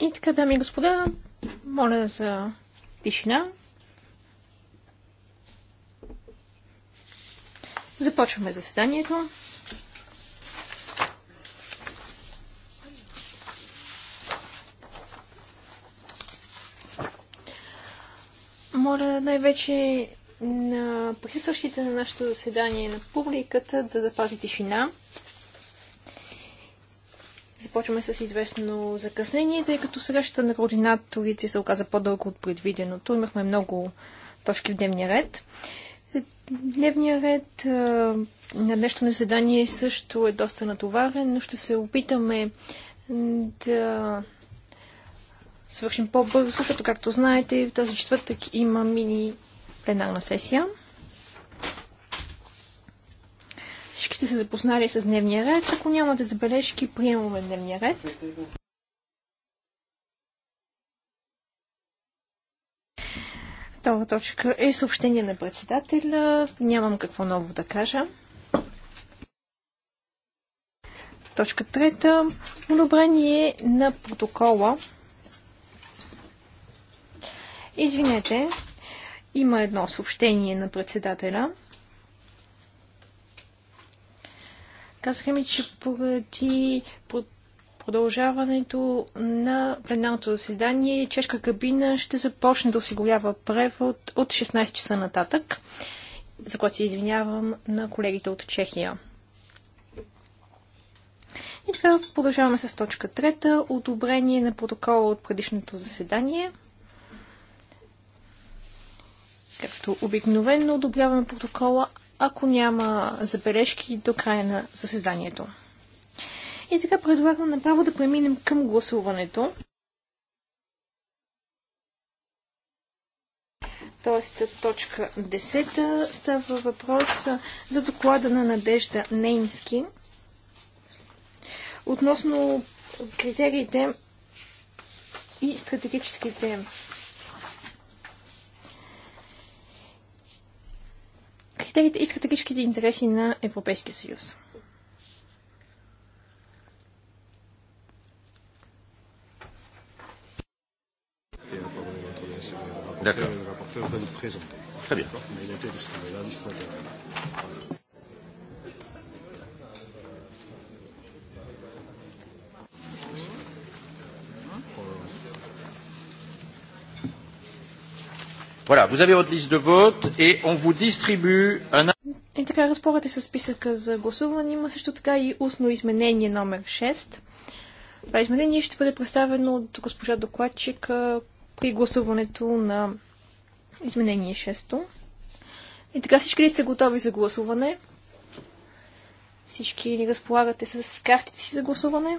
И така, дами и господа, моля за тишина. Започваме заседанието. Моля най-вече на присъщите на нашето заседание на публиката да запази тишина започваме с известно закъснение, тъй като срещата на координаторите се оказа по-дълго от предвиденото. Имахме много точки в дневния ред. Дневния ред на днешното заседание също е доста натоварен, но ще се опитаме да свършим по-бързо, защото, както знаете, в този четвъртък има мини пленарна сесия. всички сте се запознали с дневния ред. Ако нямате забележки, приемаме дневния ред. Втора точка е съобщение на председателя. Нямам какво ново да кажа. Точка трета. Одобрение на протокола. Извинете, има едно съобщение на председателя. Казаха ми, че поради продължаването на пленарното заседание чешка кабина ще започне да осигурява превод от 16 часа нататък, за което се извинявам на колегите от Чехия. И така продължаваме с точка трета. Одобрение на протокола от предишното заседание. Както обикновено одобряваме протокола, ако няма забележки до края на заседанието. И така предлагам направо да преминем към гласуването. т.е. точка 10 става въпрос за доклада на Надежда Нейнски относно критериите и стратегическите критериите и стратегическите интереси на Европейския съюз. D'accord. Très bien. Voilà, vous avez votre liste de vote et on vous distribue un... И така, разполагате с списъка за гласуване. Има също така и устно изменение номер 6. Това изменение ще бъде представено от госпожа докладчик при гласуването на изменение 6. И така всички ли сте готови за гласуване? Всички ли разполагате с картите си за гласуване?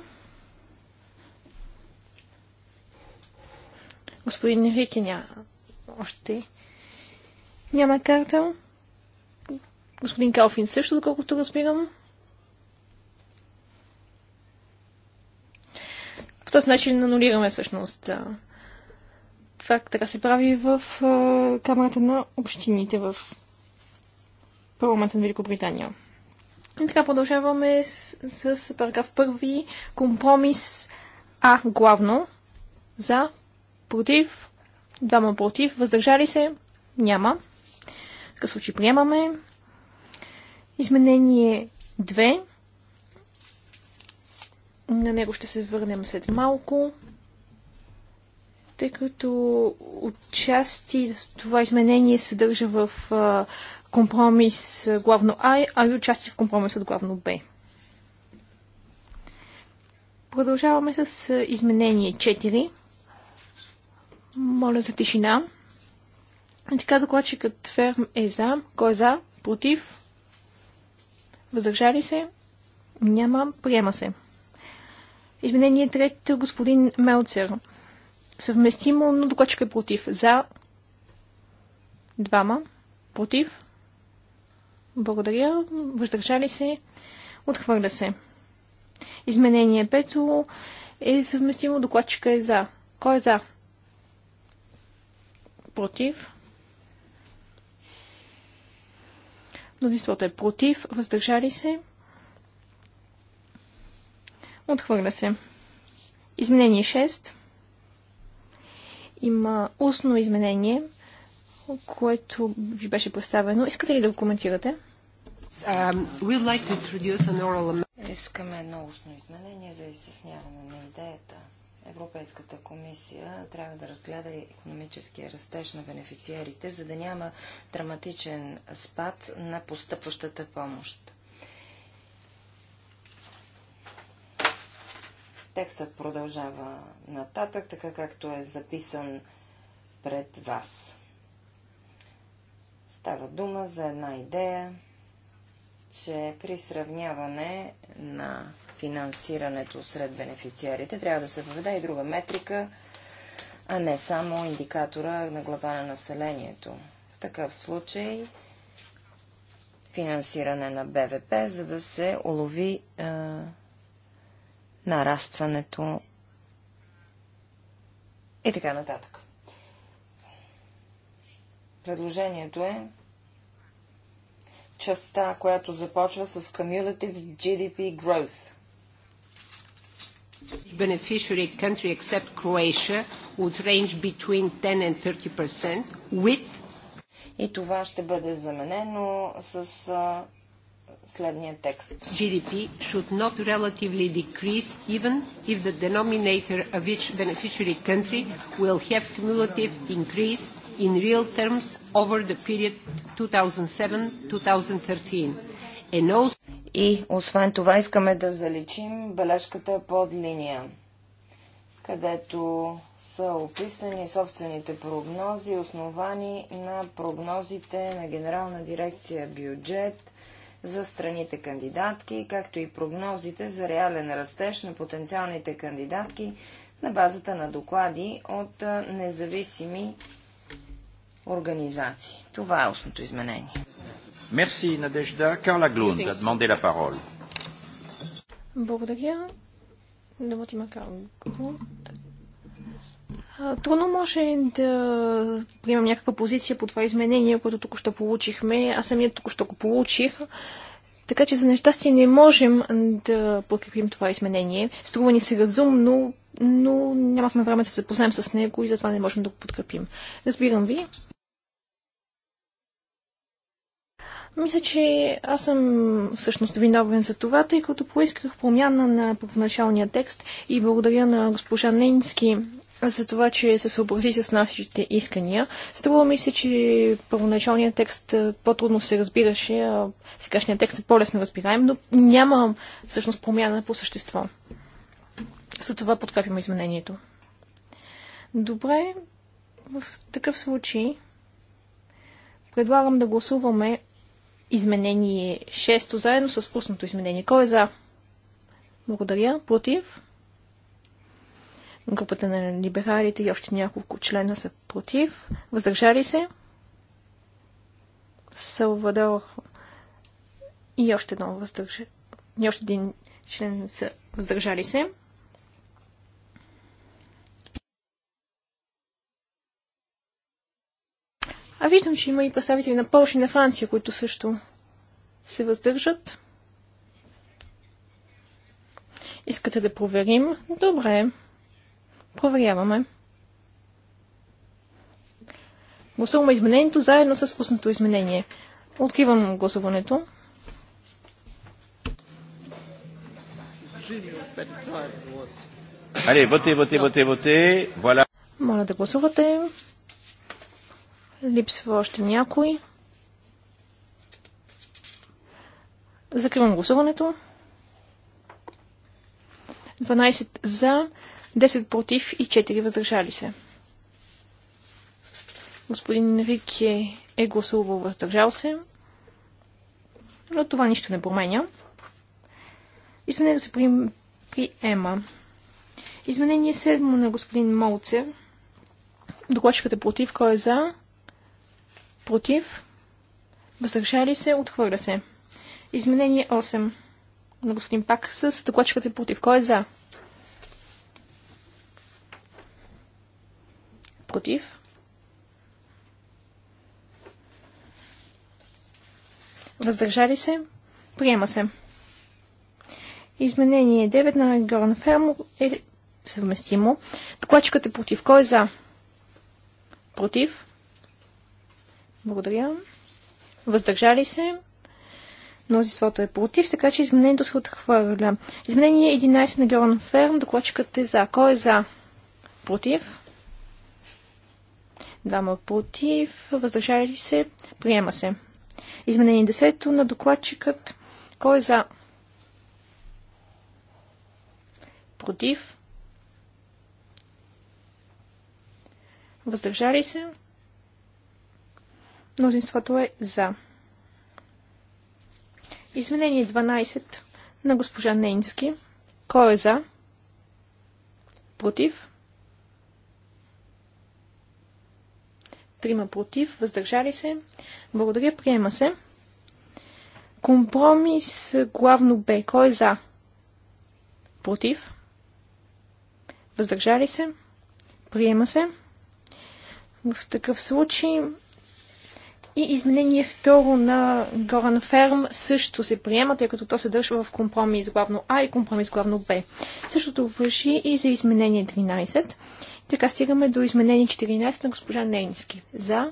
Господин Рикиня, още няма карта. Господин Калфин също, доколкото разбирам. По този начин анулираме всъщност това така се прави в Камерата на общините в парламента на Великобритания. И така продължаваме с, с параграф първи компромис А главно за против Двама против. Въздържали се? Няма. В такъв случай приемаме. Изменение 2. На него ще се върнем след малко. Тъй като отчасти това изменение се държа в компромис главно А, а и части в компромис от главно Б. Продължаваме с изменение 4. Моля за тишина. И така докладчикът Ферм е за. Кой е за? Против? Въздържали се? Няма. Приема се. Изменение трето, господин Мелцер. Съвместимо, но докладчик е против. За. Двама. Против. Благодаря. Въздържали се. Отхвърля се. Изменение пето е съвместимо. Докладчика е за. Кой е за? Против. Мнозинството е против. Въздържали се. Отхвърля се. Изменение 6. Има устно изменение, което ви беше представено. Искате ли да го коментирате? Um, Искаме едно устно изменение за изясняване на идеята. Европейската комисия трябва да разгледа економическия растеж на бенефициерите, за да няма драматичен спад на постъпващата помощ. Текстът продължава нататък, така както е записан пред вас. Става дума за една идея, че при сравняване на финансирането сред бенефициарите, трябва да се въведе и друга метрика, а не само индикатора на глава на населението. В такъв случай финансиране на БВП, за да се улови е, нарастването и така нататък. Предложението е частта, която започва с Cumulative GDP Growth beneficiary country except Croatia would range between 10 and 30% with и това ще бъде заменено с следния текст. GDP should not relatively decrease even if the denominator of each beneficiary country will have cumulative increase in real terms over the period 2007-2013. And also и освен това искаме да заличим бележката под линия, където са описани собствените прогнози, основани на прогнозите на Генерална дирекция бюджет за страните кандидатки, както и прогнозите за реален растеж на потенциалните кандидатки на базата на доклади от независими организации. Това е основното изменение. Merci, Надежда. Карла Глунд a demandé la parole. Благодаря. Думата има Карла Глунд. Трудно може да приемам някаква позиция по това изменение, което току-що получихме. Аз самия току-що го получих. Така че за нещастие не можем да подкрепим това изменение. Струва ни се разумно, но нямахме време да се запознаем с него и затова не можем да го подкрепим. Разбирам ви. Мисля, че аз съм всъщност виновен за това, тъй като поисках промяна на първоначалния текст и благодаря на госпожа Нейнски за това, че се съобрази с нашите искания. Струва ми се, че първоначалният текст по-трудно се разбираше, а сегашният текст е по-лесно разбираем, но няма всъщност промяна по същество. За това подкрепим изменението. Добре, в такъв случай предлагам да гласуваме изменение 6 заедно с устното изменение. Кой е за? Благодаря. Против? Групата на либералите и още няколко члена са против. Въздържали се? Салвадор и още едно въздържа... и още един член са въздържали се. А виждам, че има и представители на Польша и на Франция, които също се въздържат. Искате да проверим? Добре. Проверяваме. Гласуваме изменението заедно с устното изменение. Откривам гласуването. Allez, votez, votez, votez, votez. Voilà. Моля да гласувате. Липсва още някой. Закривам гласуването. 12 за, 10 против и 4 въздържали се. Господин Рик е, е гласувал въздържал се, но това нищо не променя. Изменение да се при, приема. Изменение 7 на господин Молце. Докладчикът е против, кой е за? против, въздържали се, отхвърля се. Изменение 8 на господин Пак с докладчикът е против. Кой е за? Против. Въздържали се? Приема се. Изменение 9 на Горан Ферм е съвместимо. Докладчикът е против. Кой е за? Против. Благодаря. Въздържали се. Мнозинството е против, така че изменението се отхвърля. Изменение 11 на Георан Ферм. Докладчикът е за. Кой е за? Против. Двама против. Въздържали се. Приема се. Изменение 10 на докладчикът. Кой е за? Против. Въздържали се. Мнозинството е за. Изменение 12 на госпожа Нейнски. Кой е за? Против? Трима против. Въздържали се. Благодаря. Приема се. Компромис главно Б. Кой е за? Против? Въздържали се? Приема се. В такъв случай и изменение второ на Горан Ферм също се приема, тъй като то се държа в компромис главно А и компромис главно Б. Същото върши и за изменение 13. Така стигаме до изменение 14 на госпожа Нейнски. За,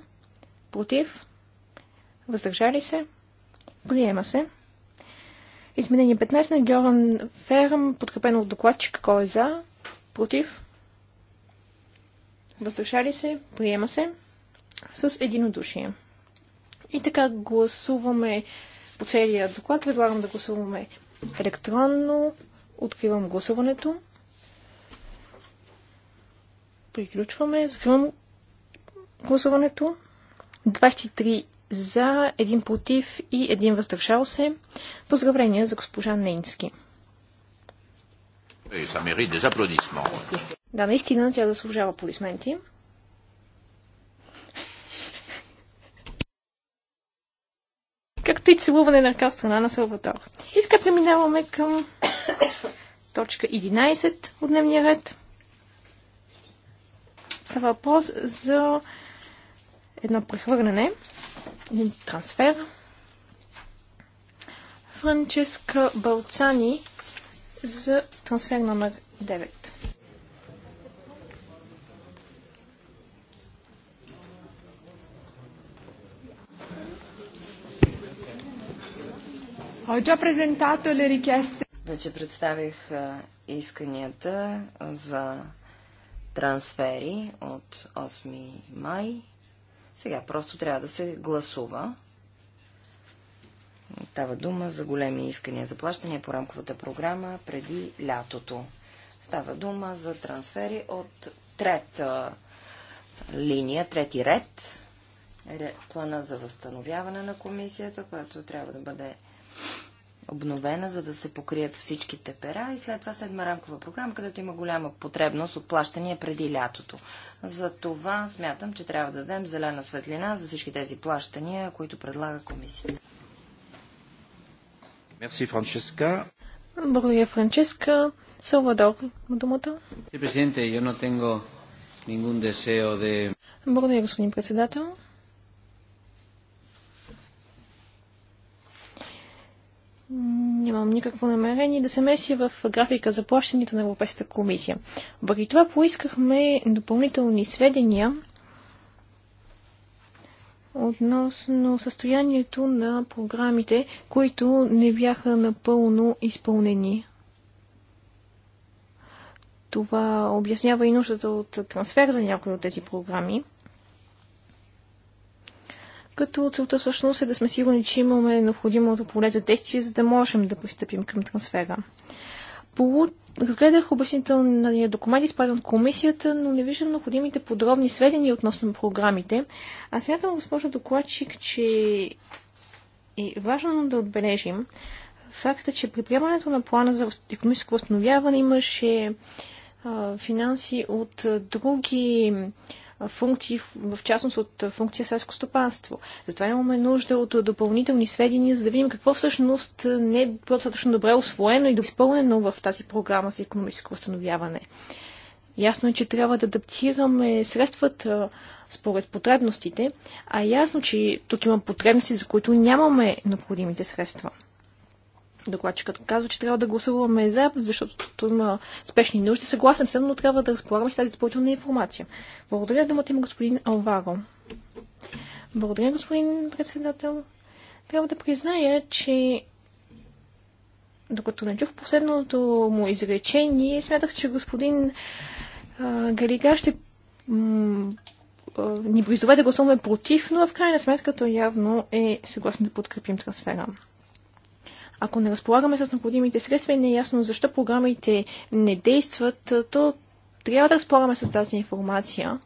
против, въздържали се, приема се. Изменение 15 на Георан Ферм, подкрепено от докладчик. Кой е за? Против? Въздържали се? Приема се. С единодушие. И така гласуваме по целия доклад. Предлагам да гласуваме електронно. Откривам гласуването. Приключваме. Закривам гласуването. 23 за, 1 против и 1 въздържал се. Поздравления за госпожа Нейнски. Да, наистина тя заслужава аплодисменти. както и целуване на ръка страна на Салватор. И така преминаваме към точка 11 от дневния ред. Са въпрос за едно прехвърляне, един трансфер. Франческа Балцани за трансфер номер 9. Вече представих исканията за трансфери от 8 май. Сега просто трябва да се гласува. Става дума за големи искания за плащания по рамковата програма преди лятото. Става дума за трансфери от трета линия, трети ред, е, плана за възстановяване на комисията, която трябва да бъде обновена, за да се покрият всичките пера и след това седма рамкова програма, където има голяма потребност от плащания преди лятото. За това смятам, че трябва да дадем зелена светлина за всички тези плащания, които предлага комисията. Мерси, Франческа. Благодаря, Франческа. Салвадор, думата. Президенте, я не ningún deseo de... Благодаря, господин председател. Нямам никакво намерение да се меси в графика за плащането на Европейската комисия. Въпреки това поискахме допълнителни сведения относно състоянието на програмите, които не бяха напълно изпълнени. Това обяснява и нуждата от трансфер за някои от тези програми като целта всъщност е да сме сигурни, че имаме необходимото поле за действие, за да можем да пристъпим към трансфера. Полу... Разгледах обяснителния документ, изпратен от комисията, но не виждам необходимите подробни сведения относно програмите. Аз смятам, госпожо докладчик, че е важно да отбележим факта, че при приемането на плана за економическо възстановяване имаше а, финанси от а, други функции, в частност от функция селско стопанство. Затова имаме нужда от допълнителни сведения, за да видим какво всъщност не е достатъчно добре освоено и допълнено в тази програма за економическо възстановяване. Ясно е, че трябва да адаптираме средствата според потребностите, а е ясно, че тук има потребности, за които нямаме необходимите средства. Докладчикът казва, че трябва да гласуваме за, защото има спешни нужди. Съгласен съм, но трябва да разполагаме с тази допълнителна информация. Благодаря думата има господин Алваро. Благодаря, господин председател. Трябва да призная, че докато не чух последното му изречение, смятах, че господин а, Галига ще ни призове да гласуваме против, но в крайна сметка той явно е съгласен да подкрепим трансфера. Ако не разполагаме с необходимите средства и не е ясно защо програмите не действат, то трябва да разполагаме с тази информация.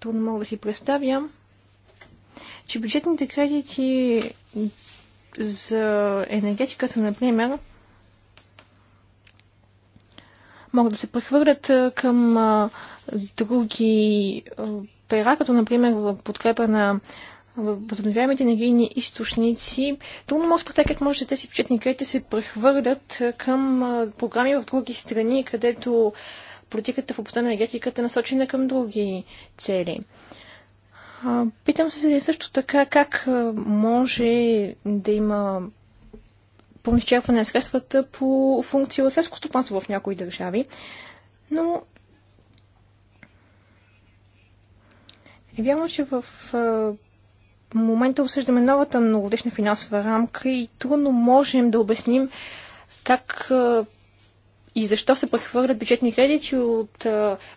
Трудно мога да си представя, че бюджетните кредити за енергетиката, например, могат да се прехвърлят към други пера, като например подкрепа на възобновяемите енергийни източници, трудно мога да спостя как може тези бюджетни кредити се прехвърлят към програми в други страни, където политиката в областта на енергетиката е насочена към други цели. Питам се също така как може да има пълно изчерпване на средствата по функция селско стопанство в някои държави, но е вярно, че в момента обсъждаме новата многодишна финансова рамка и трудно можем да обясним как и защо се прехвърлят бюджетни кредити от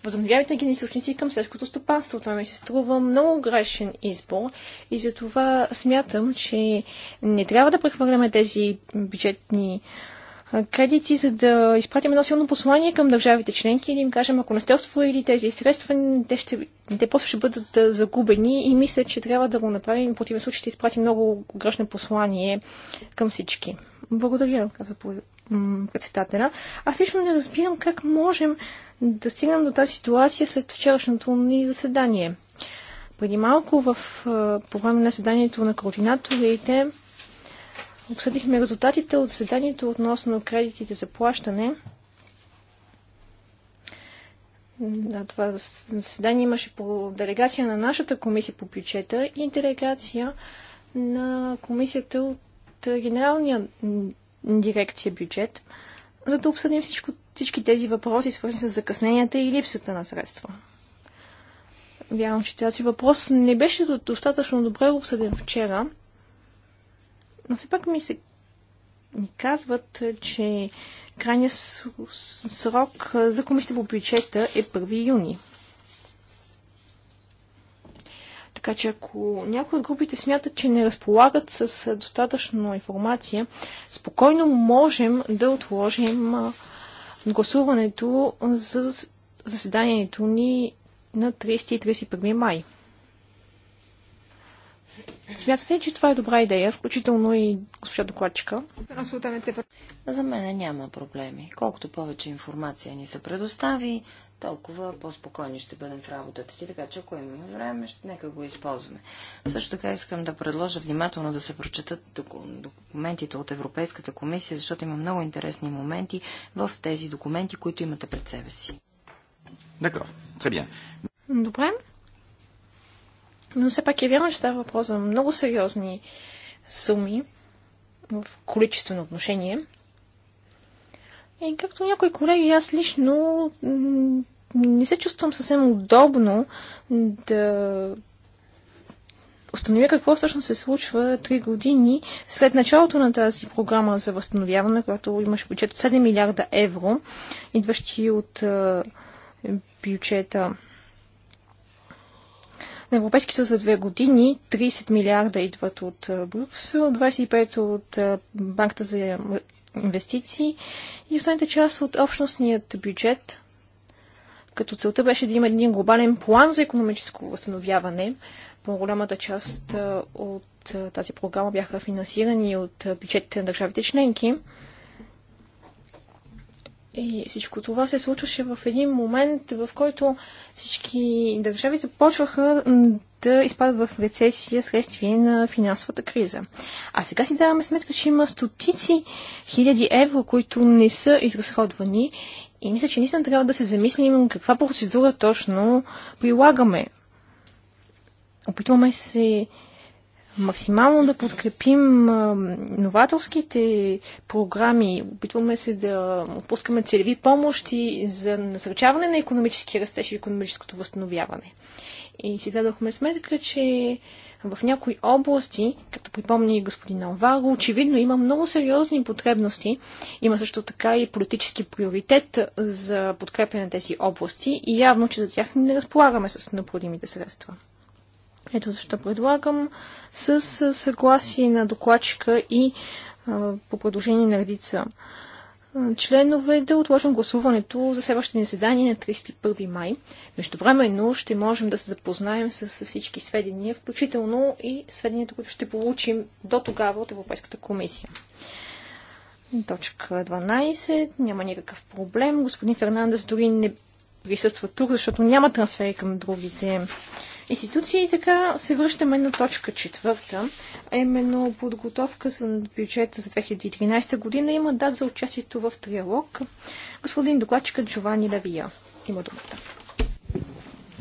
възобновявите енергийни източници към селското стопанство. Това ми се струва много грешен избор и затова смятам, че не трябва да прехвърляме тези бюджетни а, кредити, за да изпратим едно силно послание към държавите членки и да им кажем, ако не сте освоили тези средства, те, ще, те после ще бъдат загубени и мисля, че трябва да го направим. В противен случай ще изпратим много грешно послание към всички. Благодаря, казва председателя. Аз лично не разбирам как можем да стигнем до тази ситуация след вчерашното ни заседание. Преди малко в, по време на заседанието на координаторите Обсъдихме резултатите от заседанието относно кредитите за плащане. На това заседание имаше по делегация на нашата комисия по бюджета и делегация на комисията от генералния дирекция бюджет, за да обсъдим всичко, всички тези въпроси, свързани с закъсненията и липсата на средства. Вярвам, че тази въпрос не беше достатъчно добре обсъден вчера, но все пак ми се ни казват, че крайният срок за комисията по бюджета е 1 юни. Така че ако някои от групите смятат, че не разполагат с достатъчно информация, спокойно можем да отложим гласуването за заседанието ни на 30 и 31 май. Смятате ли, че това е добра идея, включително и госпожа докладчика? За мен няма проблеми. Колкото повече информация ни се предостави, толкова по-спокойни ще бъдем в работата си, така че ако имаме време, ще нека го използваме. Също така искам да предложа внимателно да се прочетат документите от Европейската комисия, защото има много интересни моменти в тези документи, които имате пред себе си. Добре. Но все пак е вярно, че става въпрос за много сериозни суми в количествено отношение. И както някои колеги, аз лично не се чувствам съвсем удобно да установя какво всъщност се случва три години след началото на тази програма за възстановяване, която имаше бюджет от 7 милиарда евро, идващи от бюджета на Европейски съюз за две години 30 милиарда идват от Брюксел, 25 от Банката за инвестиции и останалите част от общностният бюджет, като целта беше да има един глобален план за економическо възстановяване. По-голямата част от тази програма бяха финансирани от бюджетите на държавите членки. И всичко това се случваше в един момент, в който всички държави започваха да изпадат в рецесия следствие на финансовата криза. А сега си даваме сметка, че има стотици хиляди евро, които не са изразходвани и мисля, че наистина трябва да се замислим каква процедура точно прилагаме. Опитваме се максимално да подкрепим новаторските програми. Опитваме се да отпускаме целеви помощи за насърчаване на економически растеж и економическото възстановяване. И си дадохме сметка, че в някои области, като припомни господин Алваро, очевидно има много сериозни потребности. Има също така и политически приоритет за подкрепя на тези области и явно, че за тях не разполагаме с необходимите средства. Ето защо предлагам с съгласие на докладчика и по предложение на редица членове да отложим гласуването за следващото ни заседание на 31 май. Междувременно ще можем да се запознаем с, с всички сведения, включително и сведенията, които ще получим до тогава от Европейската комисия. Точка 12. Няма никакъв проблем. Господин Фернандес дори не присъства тук, защото няма трансфери към другите институции. И така се връщаме на точка четвърта, а именно подготовка за бюджета за 2013 година. Има дат за участието в триалог. Господин докладчика Джовани Лавия има думата.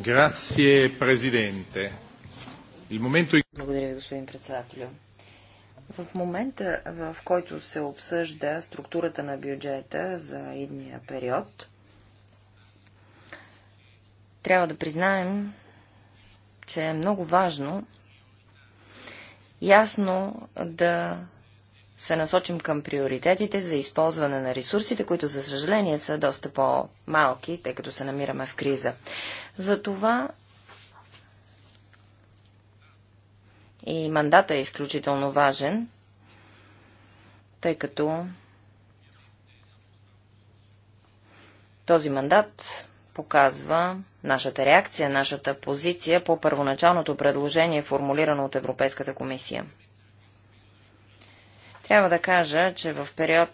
Грация, президенте. Благодаря ви, господин председателю. В момента, в който се обсъжда структурата на бюджета за едния период, трябва да признаем, че е много важно ясно да се насочим към приоритетите за използване на ресурсите, които за съжаление са доста по-малки, тъй като се намираме в криза. Затова и мандата е изключително важен, тъй като този мандат показва нашата реакция, нашата позиция по първоначалното предложение, формулирано от Европейската комисия. Трябва да кажа, че в период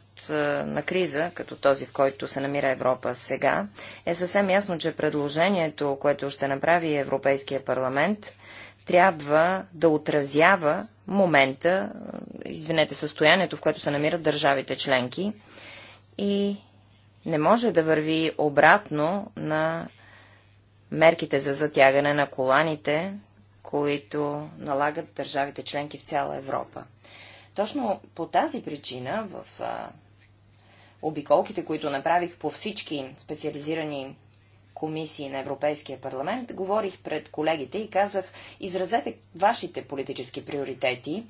на криза, като този, в който се намира Европа сега, е съвсем ясно, че предложението, което ще направи Европейския парламент, трябва да отразява момента, извинете, състоянието, в което се намират държавите членки и не може да върви обратно на мерките за затягане на коланите, които налагат държавите членки в цяла Европа. Точно по тази причина в а, обиколките, които направих по всички специализирани комисии на Европейския парламент, говорих пред колегите и казах, изразете вашите политически приоритети,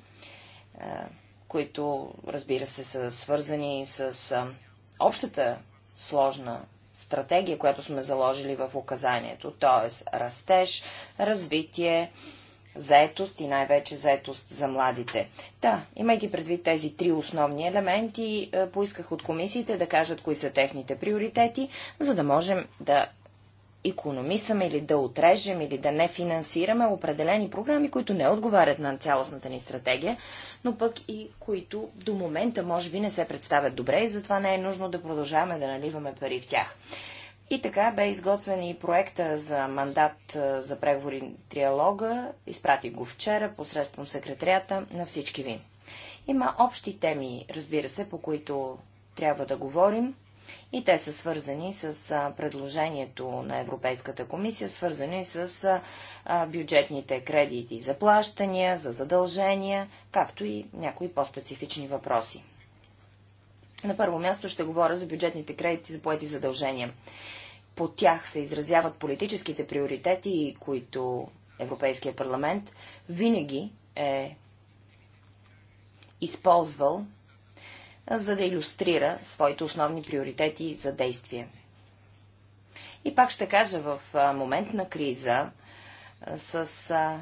а, които, разбира се, са свързани с а, общата сложна стратегия, която сме заложили в указанието, т.е. растеж, развитие, заетост и най-вече заетост за младите. Да, имайки предвид тези три основни елементи, е, поисках от комисиите да кажат кои са техните приоритети, за да можем да економисаме или да отрежем или да не финансираме определени програми, които не отговарят на цялостната ни стратегия, но пък и които до момента може би не се представят добре и затова не е нужно да продължаваме да наливаме пари в тях. И така бе изготвен и проекта за мандат за преговори триалога. Изпратих го вчера посредством секретарията на всички ви. Има общи теми, разбира се, по които трябва да говорим и те са свързани с предложението на Европейската комисия, свързани с бюджетните кредити за плащания, за задължения, както и някои по-специфични въпроси. На първо място ще говоря за бюджетните кредити за поети задължения. По тях се изразяват политическите приоритети, които Европейския парламент винаги е използвал за да иллюстрира своите основни приоритети за действие. И пак ще кажа, в момент на криза, с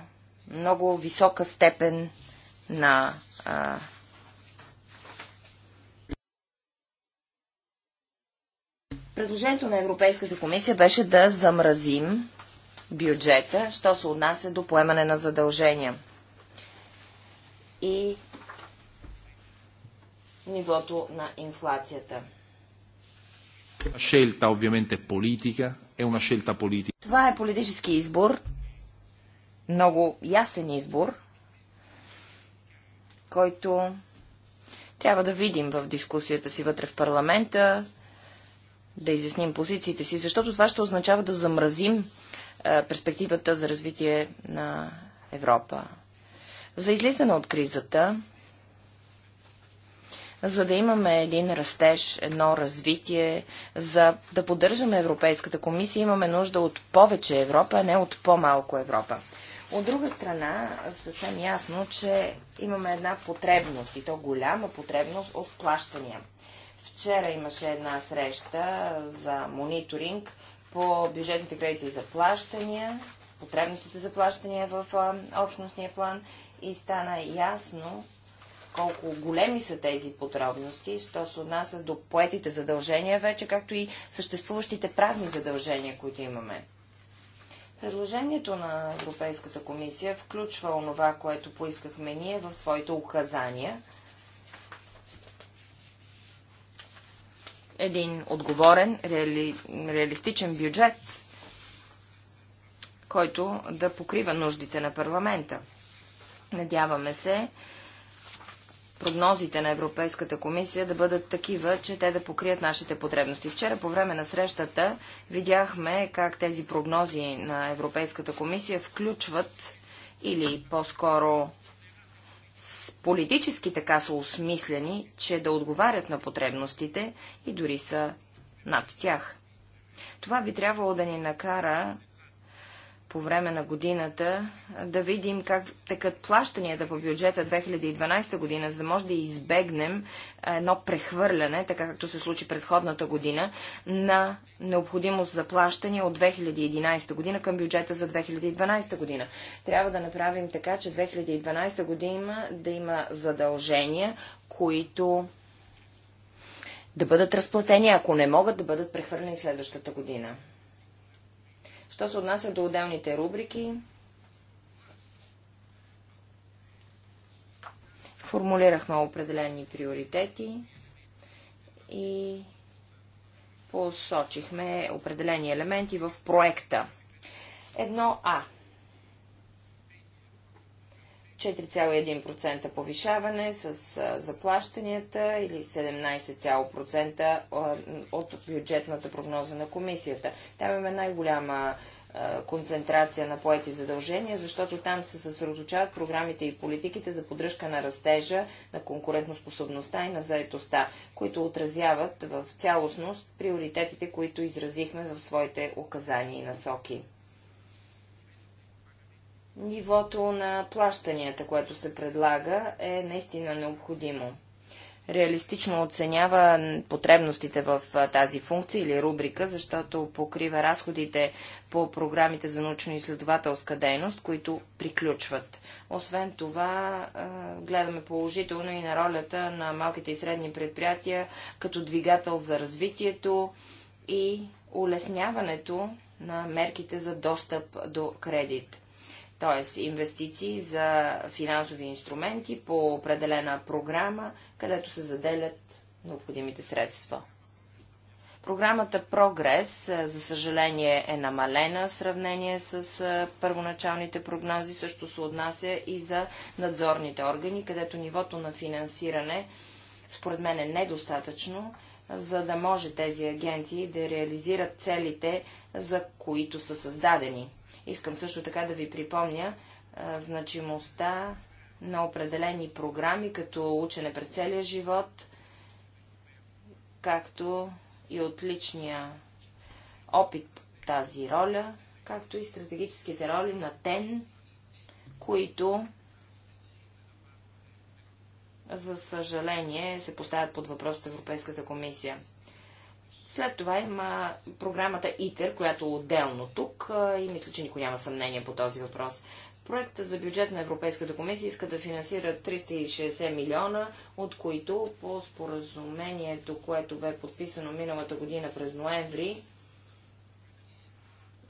много висока степен на Предложението на Европейската комисия беше да замразим бюджета, що се отнася до поемане на задължения. И нивото на инфлацията. Scelta ovviamente политика е una шелта политика. Това е политически избор, много ясен избор, който трябва да видим в дискусията си вътре в парламента, да изясним позициите си, защото това ще означава да замразим е, перспективата за развитие на Европа. За излизане от кризата за да имаме един растеж, едно развитие, за да поддържаме Европейската комисия, имаме нужда от повече Европа, а не от по-малко Европа. От друга страна, съвсем ясно, че имаме една потребност, и то голяма потребност от плащания. Вчера имаше една среща за мониторинг по бюджетните кредити за плащания, потребностите за плащания в общностния план и стана ясно, колко големи са тези подробности, що се отнася до поетите задължения вече, както и съществуващите правни задължения, които имаме. Предложението на Европейската комисия включва онова, което поискахме ние в своите указания. Един отговорен, реали... реалистичен бюджет, който да покрива нуждите на парламента. Надяваме се, прогнозите на Европейската комисия да бъдат такива, че те да покрият нашите потребности. Вчера по време на срещата видяхме как тези прогнози на Европейската комисия включват или по-скоро политически така са осмислени, че да отговарят на потребностите и дори са над тях. Това би трябвало да ни накара по време на годината, да видим как текат плащанията по бюджета 2012 година, за да може да избегнем едно прехвърляне, така както се случи предходната година, на необходимост за плащане от 2011 година към бюджета за 2012 година. Трябва да направим така, че 2012 година да има задължения, които да бъдат разплатени, ако не могат да бъдат прехвърлени следващата година. Що се отнася до отделните рубрики, формулирахме определени приоритети и посочихме определени елементи в проекта. Едно А – 4,1% повишаване с заплащанията или 17% от бюджетната прогноза на комисията. Там има най-голяма концентрация на поети задължения, защото там се съсредоточават програмите и политиките за поддръжка на растежа, на конкурентоспособността и на заетостта, които отразяват в цялостност приоритетите, които изразихме в своите указания и насоки нивото на плащанията, което се предлага, е наистина необходимо. Реалистично оценява потребностите в тази функция или рубрика, защото покрива разходите по програмите за научно-изследователска дейност, които приключват. Освен това, гледаме положително и на ролята на малките и средни предприятия като двигател за развитието и улесняването на мерките за достъп до кредит т.е. инвестиции за финансови инструменти по определена програма, където се заделят необходимите средства. Програмата Прогрес, е, за съжаление, е намалена в сравнение с е, първоначалните прогнози. Също се отнася и за надзорните органи, където нивото на финансиране, според мен, е недостатъчно, за да може тези агенции да реализират целите, за които са създадени. Искам също така да ви припомня а, значимостта на определени програми, като учене през целия живот, както и отличния опит тази роля, както и стратегическите роли на ТЕН, които за съжаление се поставят под въпрос от Европейската комисия. След това има програмата ИТЕР, която е отделно тук и мисля, че никой няма съмнение по този въпрос. Проекта за бюджет на Европейската комисия иска да финансира 360 милиона, от които по споразумението, което бе подписано миналата година през ноември,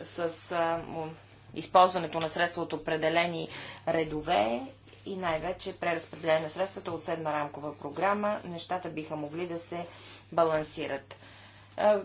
с а, използването на средства от определени редове и най-вече преразпределение на средствата от седма рамкова програма, нещата биха могли да се балансират.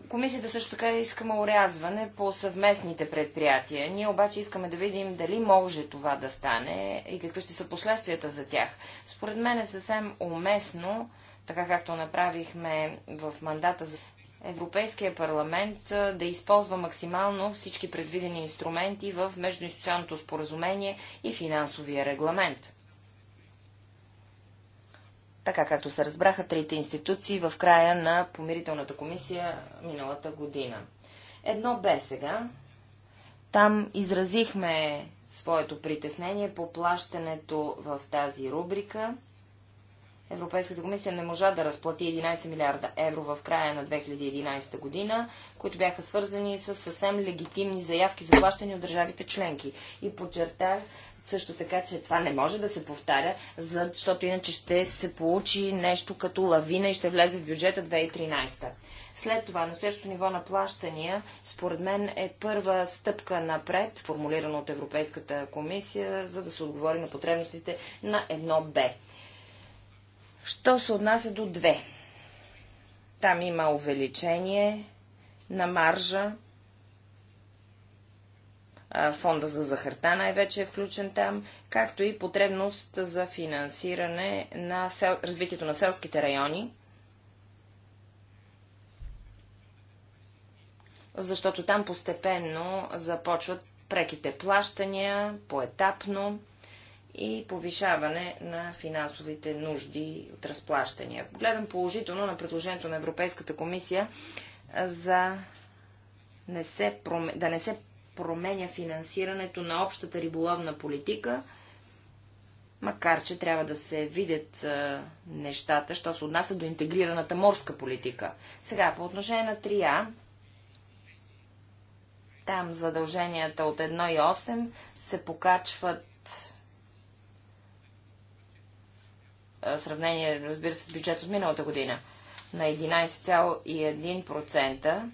Комисията също така искаме урязване по съвместните предприятия. Ние обаче искаме да видим дали може това да стане и какви ще са последствията за тях. Според мен е съвсем уместно, така както направихме в мандата за Европейския парламент да използва максимално всички предвидени инструменти в междуинституционното споразумение и финансовия регламент така както се разбраха трите институции в края на помирителната комисия миналата година. Едно бе сега. Там изразихме своето притеснение по плащането в тази рубрика. Европейската комисия не можа да разплати 11 милиарда евро в края на 2011 година, които бяха свързани с съвсем легитимни заявки за плащане от държавите членки. И подчертах, също така, че това не може да се повтаря, защото иначе ще се получи нещо като лавина и ще влезе в бюджета 2013. След това, настоящото ниво на плащания, според мен е първа стъпка напред, формулирана от Европейската комисия, за да се отговори на потребностите на едно Б. Що се отнася до 2? Там има увеличение на маржа фонда за захарта най-вече е включен там, както и потребност за финансиране на сел... развитието на селските райони, защото там постепенно започват преките плащания, поетапно и повишаване на финансовите нужди от разплащания. Гледам положително на предложението на Европейската комисия за не се да не се променя финансирането на общата риболовна политика, макар че трябва да се видят е, нещата, що се отнася до интегрираната морска политика. Сега, по отношение на 3А, там задълженията от 1 и 8 се покачват в сравнение, разбира се, с бюджет от миналата година на 11,1%.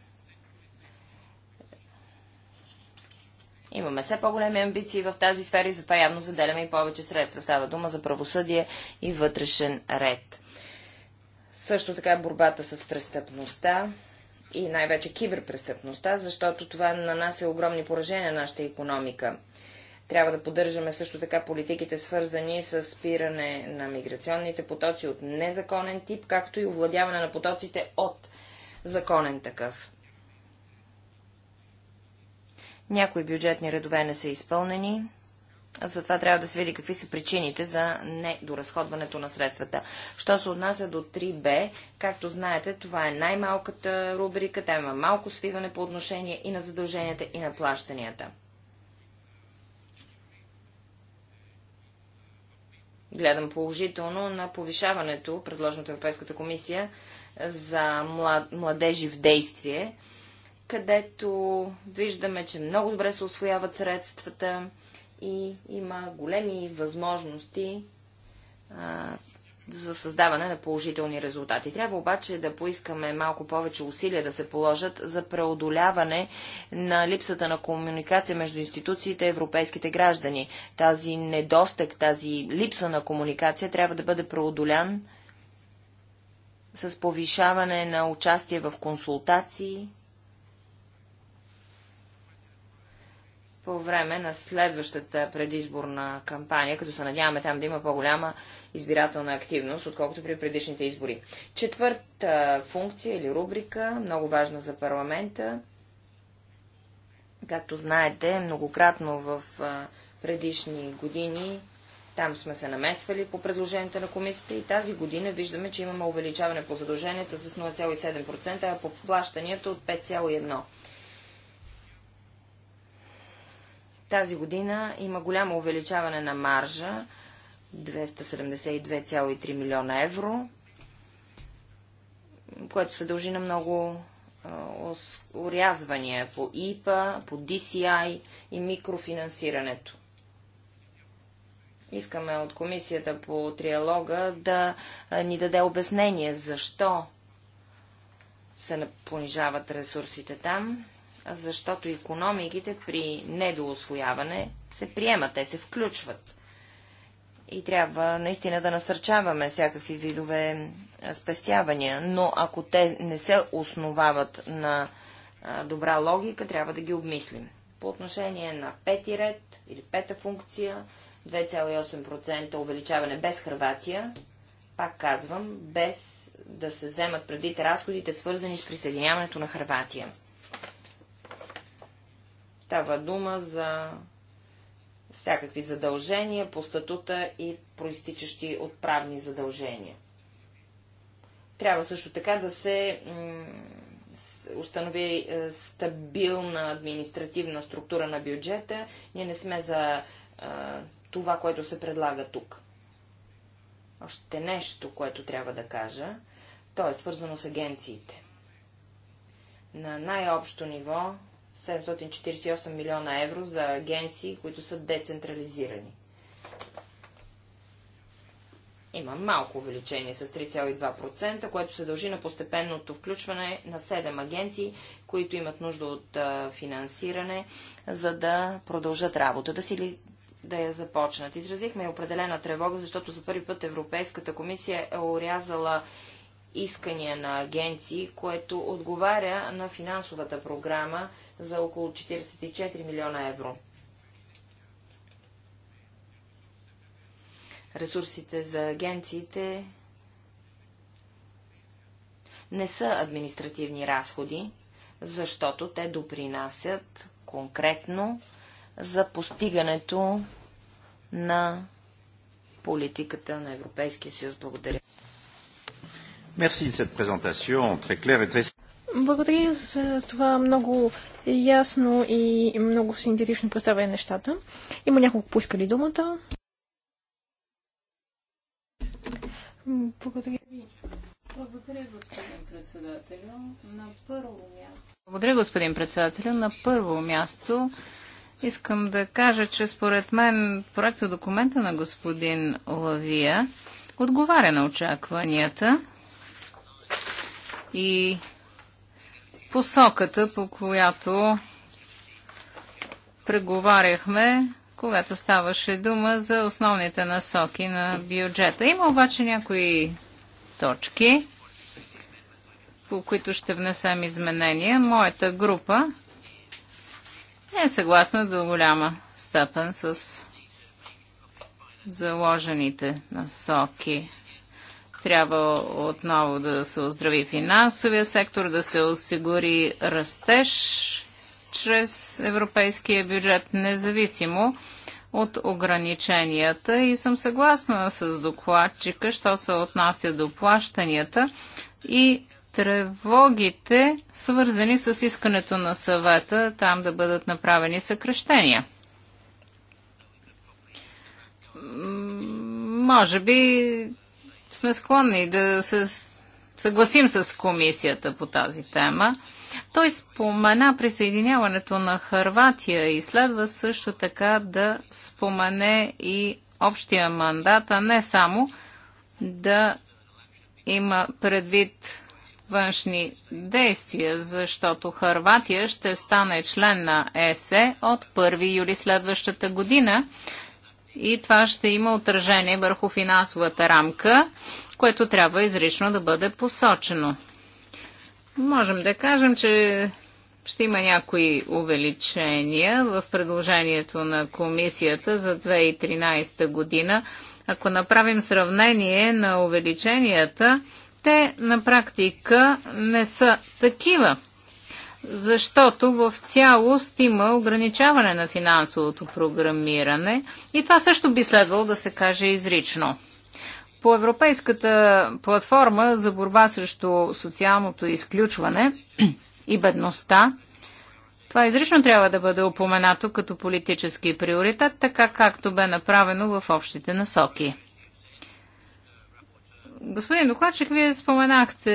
Имаме все по-големи амбиции в тази сфера и затова явно заделяме и повече средства. Става дума за правосъдие и вътрешен ред. Също така борбата с престъпността и най-вече киберпрестъпността, защото това нанася огромни поражения на нашата економика. Трябва да поддържаме също така политиките, свързани с спиране на миграционните потоци от незаконен тип, както и овладяване на потоците от законен такъв. Някои бюджетни редове не са изпълнени, затова трябва да се види какви са причините за недоразходването на средствата. Що се отнася до 3 б както знаете, това е най-малката рубрика, там има малко свиване по отношение и на задълженията, и на плащанията. гледам положително на повишаването, предложено от Европейската комисия, за младежи в действие където виждаме, че много добре се освояват средствата и има големи възможности а, за създаване на положителни резултати. Трябва обаче да поискаме малко повече усилия да се положат за преодоляване на липсата на комуникация между институциите и европейските граждани. Тази недостиг, тази липса на комуникация трябва да бъде преодолян с повишаване на участие в консултации, по време на следващата предизборна кампания, като се надяваме там да има по-голяма избирателна активност, отколкото при предишните избори. Четвърта функция или рубрика, много важна за парламента. Както знаете, многократно в предишни години там сме се намесвали по предложенията на комисията и тази година виждаме, че имаме увеличаване по задълженията с 0,7%, а по плащанията от 5,1%. Тази година има голямо увеличаване на маржа 272,3 милиона евро, което се дължи на много урязвания по ИПА, по DCI и микрофинансирането. Искаме от комисията по триалога да ни даде обяснение защо се понижават ресурсите там защото економиките при недоосвояване се приемат, те се включват. И трябва наистина да насърчаваме всякакви видове спестявания, но ако те не се основават на добра логика, трябва да ги обмислим. По отношение на пети ред или пета функция, 2,8% увеличаване без Хрватия, пак казвам, без да се вземат предвид разходите, свързани с присъединяването на Хрватия. Става дума за всякакви задължения по статута и проистичащи от правни задължения. Трябва също така да се установи е, стабилна административна структура на бюджета. Ние не сме за е, това, което се предлага тук. Още нещо, което трябва да кажа, то е свързано с агенциите. На най-общо ниво 748 милиона евро за агенции, които са децентрализирани. Има малко увеличение с 3,2%, което се дължи на постепенното включване на 7 агенции, които имат нужда от финансиране, за да продължат работата си или да я започнат. Изразихме определена тревога, защото за първи път Европейската комисия е урязала искания на агенции, което отговаря на финансовата програма за около 44 милиона евро. Ресурсите за агенциите не са административни разходи, защото те допринасят конкретно за постигането на политиката на Европейския съюз. Благодаря. Merci de cette présentation très claire et très... Благодаря за това много ясно и много синтетично представяне на нещата. Има няколко поискали думата. Благодаря ви. Благодаря, господин председателю. На първо място. Благодаря, господин председателю. На първо място искам да кажа, че според мен проекто документа на господин Лавия отговаря на очакванията и посоката, по която преговаряхме, когато ставаше дума за основните насоки на бюджета. Има обаче някои точки, по които ще внесем изменения. Моята група е съгласна до голяма степен с заложените насоки. Трябва отново да се оздрави финансовия сектор, да се осигури растеж чрез европейския бюджет, независимо от ограниченията. И съм съгласна с докладчика, що се отнася до плащанията и тревогите, свързани с искането на съвета там да бъдат направени съкръщения. Може би сме склонни да се съгласим с комисията по тази тема. Той спомена присъединяването на Харватия и следва също така да спомене и общия мандат, а не само да има предвид външни действия, защото Харватия ще стане член на ЕСЕ от 1 юли следващата година и това ще има отражение върху финансовата рамка, което трябва изрично да бъде посочено. Можем да кажем, че ще има някои увеличения в предложението на комисията за 2013 година. Ако направим сравнение на увеличенията, те на практика не са такива защото в цялост има ограничаване на финансовото програмиране и това също би следвало да се каже изрично. По Европейската платформа за борба срещу социалното изключване и бедността, това изрично трябва да бъде упоменато като политически приоритет, така както бе направено в общите насоки. Господин Докладчик, вие споменахте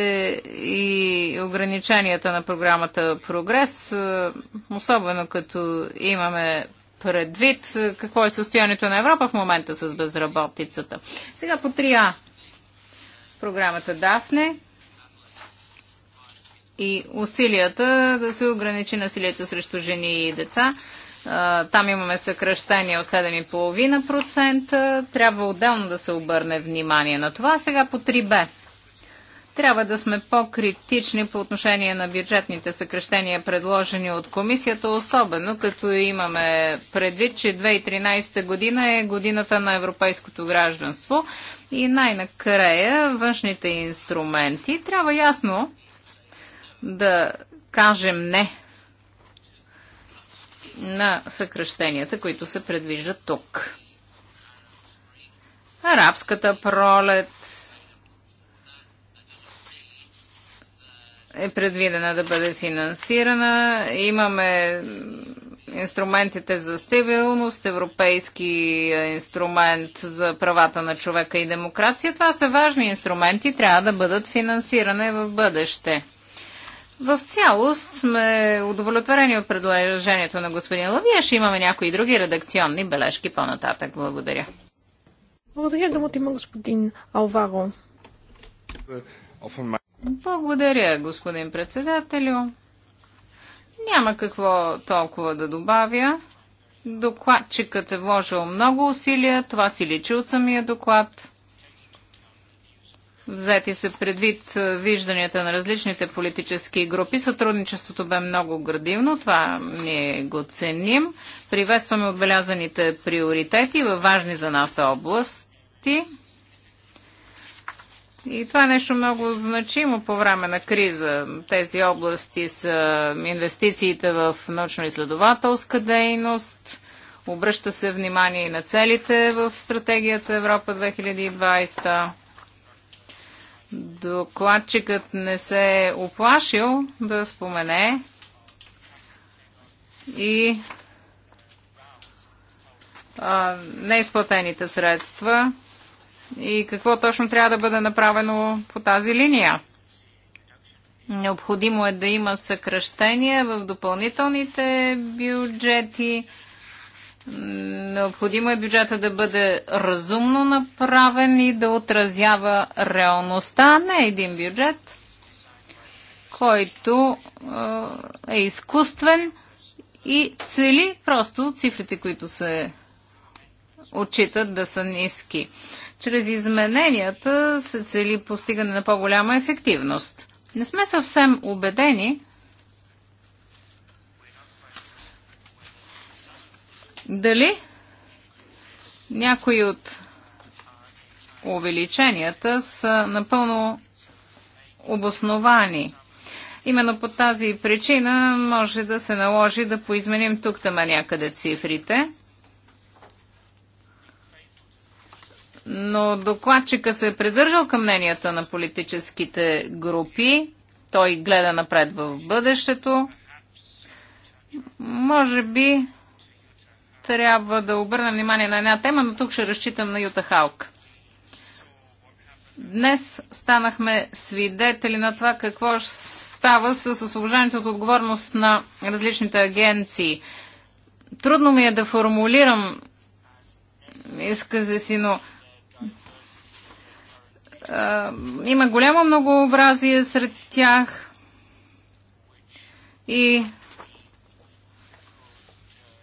и ограниченията на програмата Прогрес, е, особено като имаме предвид какво е състоянието на Европа в момента с безработицата. Сега по 3А. Програмата Дафне и усилията да се ограничи насилието срещу жени и деца. Там имаме съкръщение от 7,5%. Трябва отделно да се обърне внимание на това. Сега по 3Б. Трябва да сме по-критични по отношение на бюджетните съкрещения, предложени от комисията, особено като имаме предвид, че 2013 година е годината на европейското гражданство и най-накрая външните инструменти. Трябва ясно да кажем не на съкръщенията, които се предвиждат тук. Арабската пролет е предвидена да бъде финансирана. Имаме инструментите за стабилност, европейски е, инструмент за правата на човека и демокрация. Това са важни инструменти, трябва да бъдат финансирани в бъдеще. В цялост сме удовлетворени от предложението на господин Лавия. Ще имаме някои други редакционни бележки по-нататък. Благодаря. Благодаря, думата има господин Алваро. Благодаря, господин председателю. Няма какво толкова да добавя. Докладчикът е вложил много усилия. Това си личи от самия доклад. Взети се предвид е, вижданията на различните политически групи. Сътрудничеството бе много градивно, това ние го ценим. Приветстваме отбелязаните приоритети във важни за нас области. И това е нещо много значимо по време на криза. Тези области са инвестициите в научно-изследователска дейност, обръща се внимание и на целите в стратегията Европа 2020 докладчикът не се е оплашил да спомене и а, неизплатените средства и какво точно трябва да бъде направено по тази линия. Необходимо е да има съкръщения в допълнителните бюджети Необходимо е бюджета да бъде разумно направен и да отразява реалността, не един бюджет, който е, е изкуствен и цели просто цифрите, които се отчитат да са ниски. Чрез измененията се цели постигане на по-голяма ефективност. Не сме съвсем убедени, Дали някои от увеличенията са напълно обосновани? Именно по тази причина може да се наложи да поизменим тук-тама някъде цифрите. но докладчика се е придържал към мненията на политическите групи. Той гледа напред в бъдещето. Може би трябва да обърна внимание на една тема, но тук ще разчитам на Юта Халк. Днес станахме свидетели на това какво става с освобождането от отговорност на различните агенции. Трудно ми е да формулирам изказа си, но а, има голямо многообразие сред тях и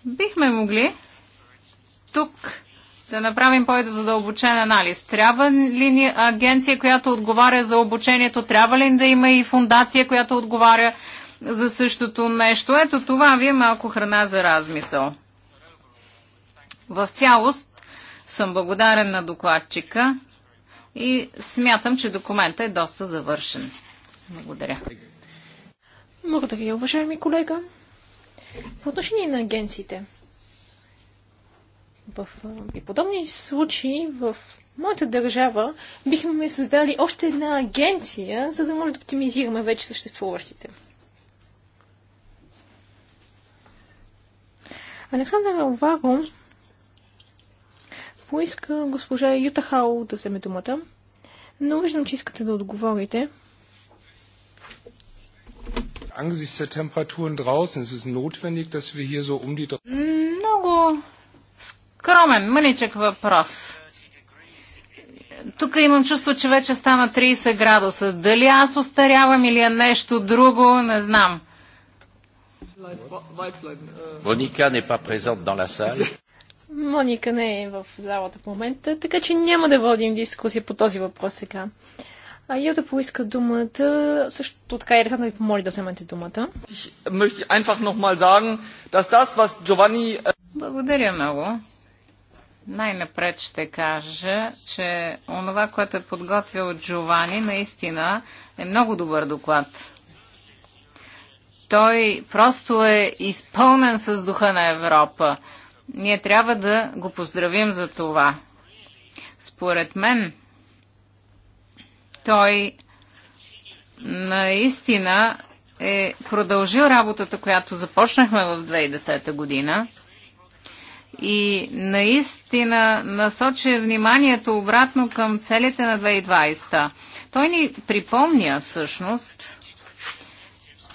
Бихме могли тук да направим по-задълбочен анализ. Трябва ли ни агенция, която отговаря за обучението? Трябва ли да има и фундация, която отговаря за същото нещо? Ето това ви е малко храна за размисъл. В цялост съм благодарен на докладчика и смятам, че документът е доста завършен. Благодаря. Благодаря, уважаеми колега. По отношение на агенциите. В и подобни случаи в моята държава бихме създали още една агенция, за да може да оптимизираме вече съществуващите. Александър Алваро поиска госпожа Юта Хао да вземе думата, но виждам, че искате да отговорите angesichts der Temperaturen draußen ist es notwendig, dass wir hier so um die... Много скромен, мъничък въпрос. Тук имам чувство, че вече стана 30 градуса. Дали аз остарявам или е нещо друго, не знам. Моника не е Моника не е в залата в момента, така че няма да водим дискусия по този въпрос сега. А я да поиска думата, също така и да ви помоли да вземете думата. Äh, Благодаря много. Най-напред ще кажа, че онова, което е подготвил Джовани, наистина е много добър доклад. Той просто е изпълнен с духа на Европа. Ние трябва да го поздравим за това. Според мен, той наистина е продължил работата, която започнахме в 2010 година и наистина насочи вниманието обратно към целите на 2020. Той ни припомня всъщност,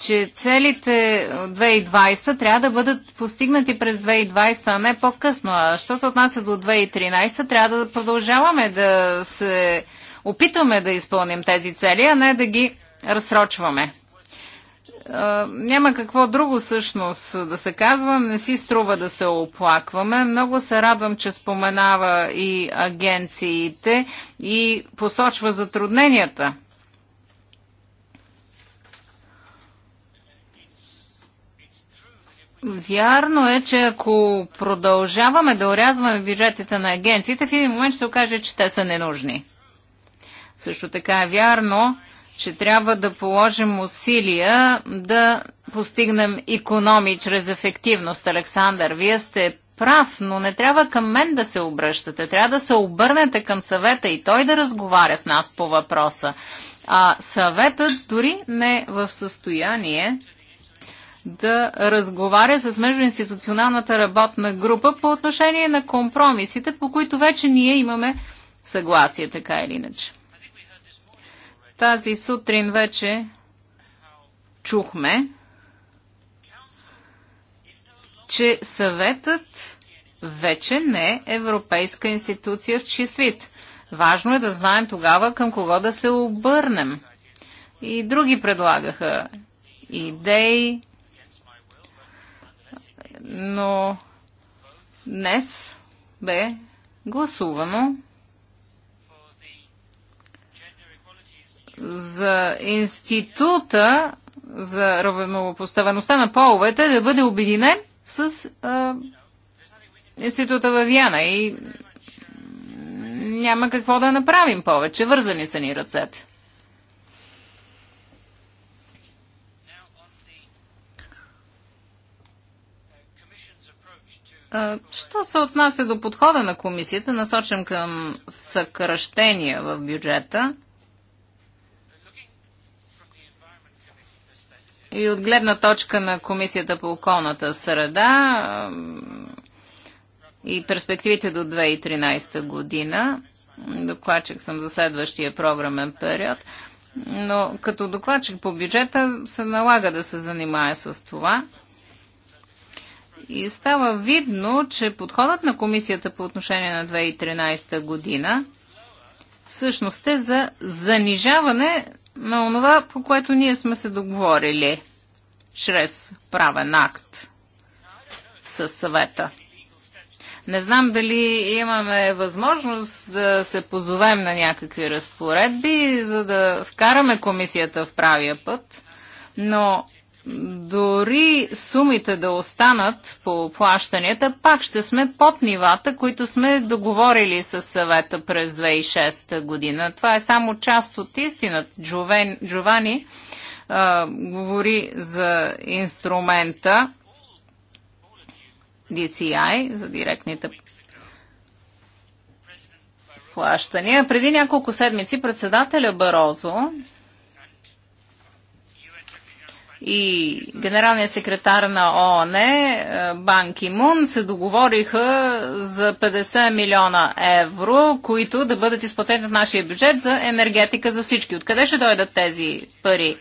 че целите 2020 трябва да бъдат постигнати през 2020, а не по-късно. А що се отнася до 2013, трябва да продължаваме да се опитваме да изпълним тези цели, а не да ги разсрочваме. Няма какво друго всъщност да се казва, не си струва да се оплакваме. Много се радвам, че споменава и агенциите и посочва затрудненията. Вярно е, че ако продължаваме да урязваме бюджетите на агенциите, в един момент ще се окаже, че те са ненужни. Също така е вярно, че трябва да положим усилия да постигнем економи чрез ефективност. Александър, вие сте прав, но не трябва към мен да се обръщате. Трябва да се обърнете към съвета и той да разговаря с нас по въпроса. А съветът дори не е в състояние да разговаря с междуинституционалната работна група по отношение на компромисите, по които вече ние имаме съгласие, така или иначе. Тази сутрин вече чухме, че съветът вече не е европейска институция в чист вид. Важно е да знаем тогава към кого да се обърнем. И други предлагаха идеи, но днес бе гласувано за института за равнопоставеността на половете да бъде обединен с а, института в Яна и няма какво да направим повече. Вързани са ни ръцете. Що се отнася до подхода на комисията, насочен към съкръщения в бюджета, И от гледна точка на Комисията по околната среда и перспективите до 2013 година, докладчик съм за следващия програмен период, но като докладчик по бюджета се налага да се занимая с това. И става видно, че подходът на комисията по отношение на 2013 година всъщност е за занижаване на онова, по което ние сме се договорили чрез правен акт със съвета. Не знам дали имаме възможност да се позовем на някакви разпоредби, за да вкараме комисията в правия път, но дори сумите да останат по плащанията, пак ще сме под нивата, които сме договорили с съвета през 2006 година. Това е само част от истината. Джовен, Джовани а, говори за инструмента DCI, за директните плащания. Преди няколко седмици председателя Барозо и генералният секретар на ООН Бан е, Мун се договориха за 50 милиона евро, които да бъдат изплатени в нашия бюджет за енергетика за всички. Откъде ще дойдат тези пари?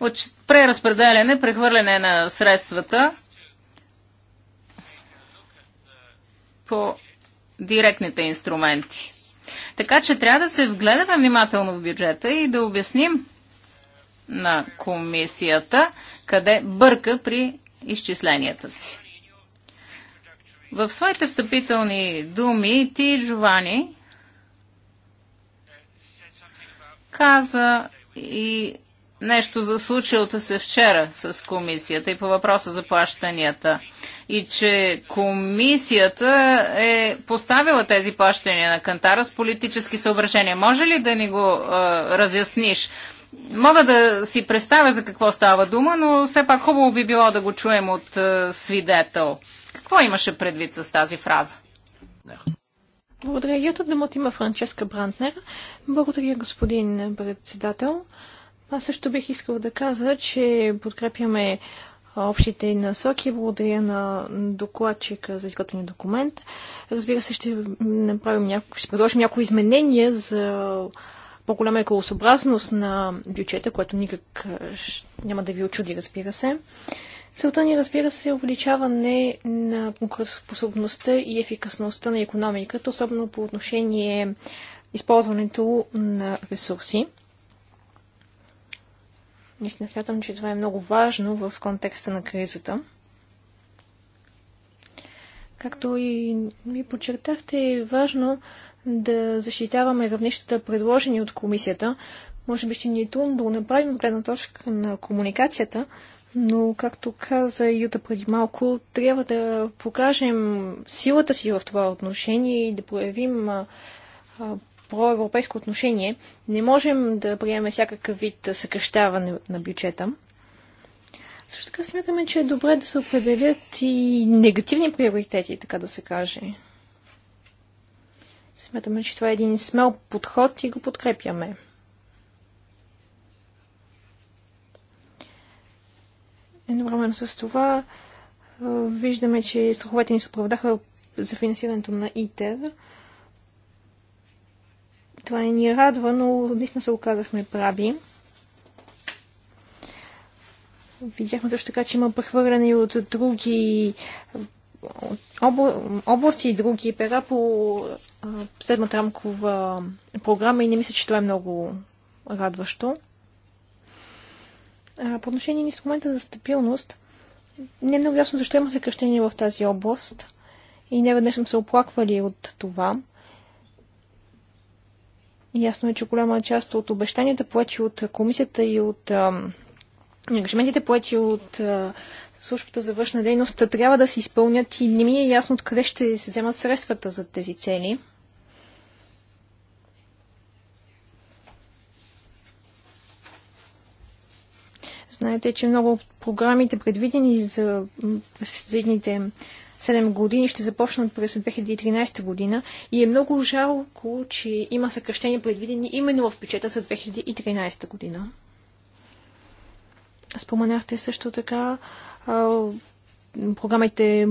От преразпределяне, прехвърляне на средствата по директните инструменти. Така че трябва да се вгледаме внимателно в бюджета и да обясним на комисията, къде бърка при изчисленията си. В своите встъпителни думи ти, Джовани, каза и нещо за случилото се вчера с комисията и по въпроса за плащанията. И че комисията е поставила тези плащания на Кантара с политически съображения. Може ли да ни го а, разясниш? Мога да си представя за какво става дума, но все пак хубаво би било да го чуем от uh, свидетел. Какво имаше предвид с тази фраза? Благодаря. И от думата има Франческа Брантнер. Благодаря, господин председател. Аз също бих искал да кажа, че подкрепяме общите насоки. Благодаря на докладчика за изготвен документ. Разбира се, ще направим няко... ще предложим някои изменения за по-голяма екологосъобразност на бюджета, което никак няма да ви очуди, разбира се. Целта ни, разбира се, е увеличаване на конкурсоспособността и ефикасността на економиката, особено по отношение използването на ресурси. Наистина смятам, че това е много важно в контекста на кризата. Както и ми подчертахте, е важно да защитаваме равнищата, предложени от комисията. Може би ще ни е трудно да го направим от гледна точка на комуникацията, но, както каза Юта преди малко, трябва да покажем силата си в това отношение и да проявим проевропейско отношение. Не можем да приемем всякакъв вид съкръщаване на бюджета. Също така смятаме, че е добре да се определят и негативни приоритети, така да се каже. Смятаме, че това е един смел подход и го подкрепяме. Едновременно с това виждаме, че страховете ни се оправдаха за финансирането на ИТЕР. Това не ни радва, но наистина се оказахме прави. Видяхме също така, че има прехвърляне от други области и други пера по седмата рамкова програма и не мисля, че това е много радващо. По отношение на инструмента за стабилност, не е много ясно защо има съкръщение в тази област и не веднъж съм се оплаквали от това. Ясно е, че голяма част от обещанията, поети от комисията и от ангажиментите, поети от службата за външна дейност, трябва да се изпълнят и не ми е ясно откъде ще се вземат средствата за тези цели. Знаете, че много от програмите, предвидени за следните 7 години, ще започнат през 2013 година и е много жалко, че има съкръщения предвидени именно в бюджета за 2013 година. Споменахте също така програмите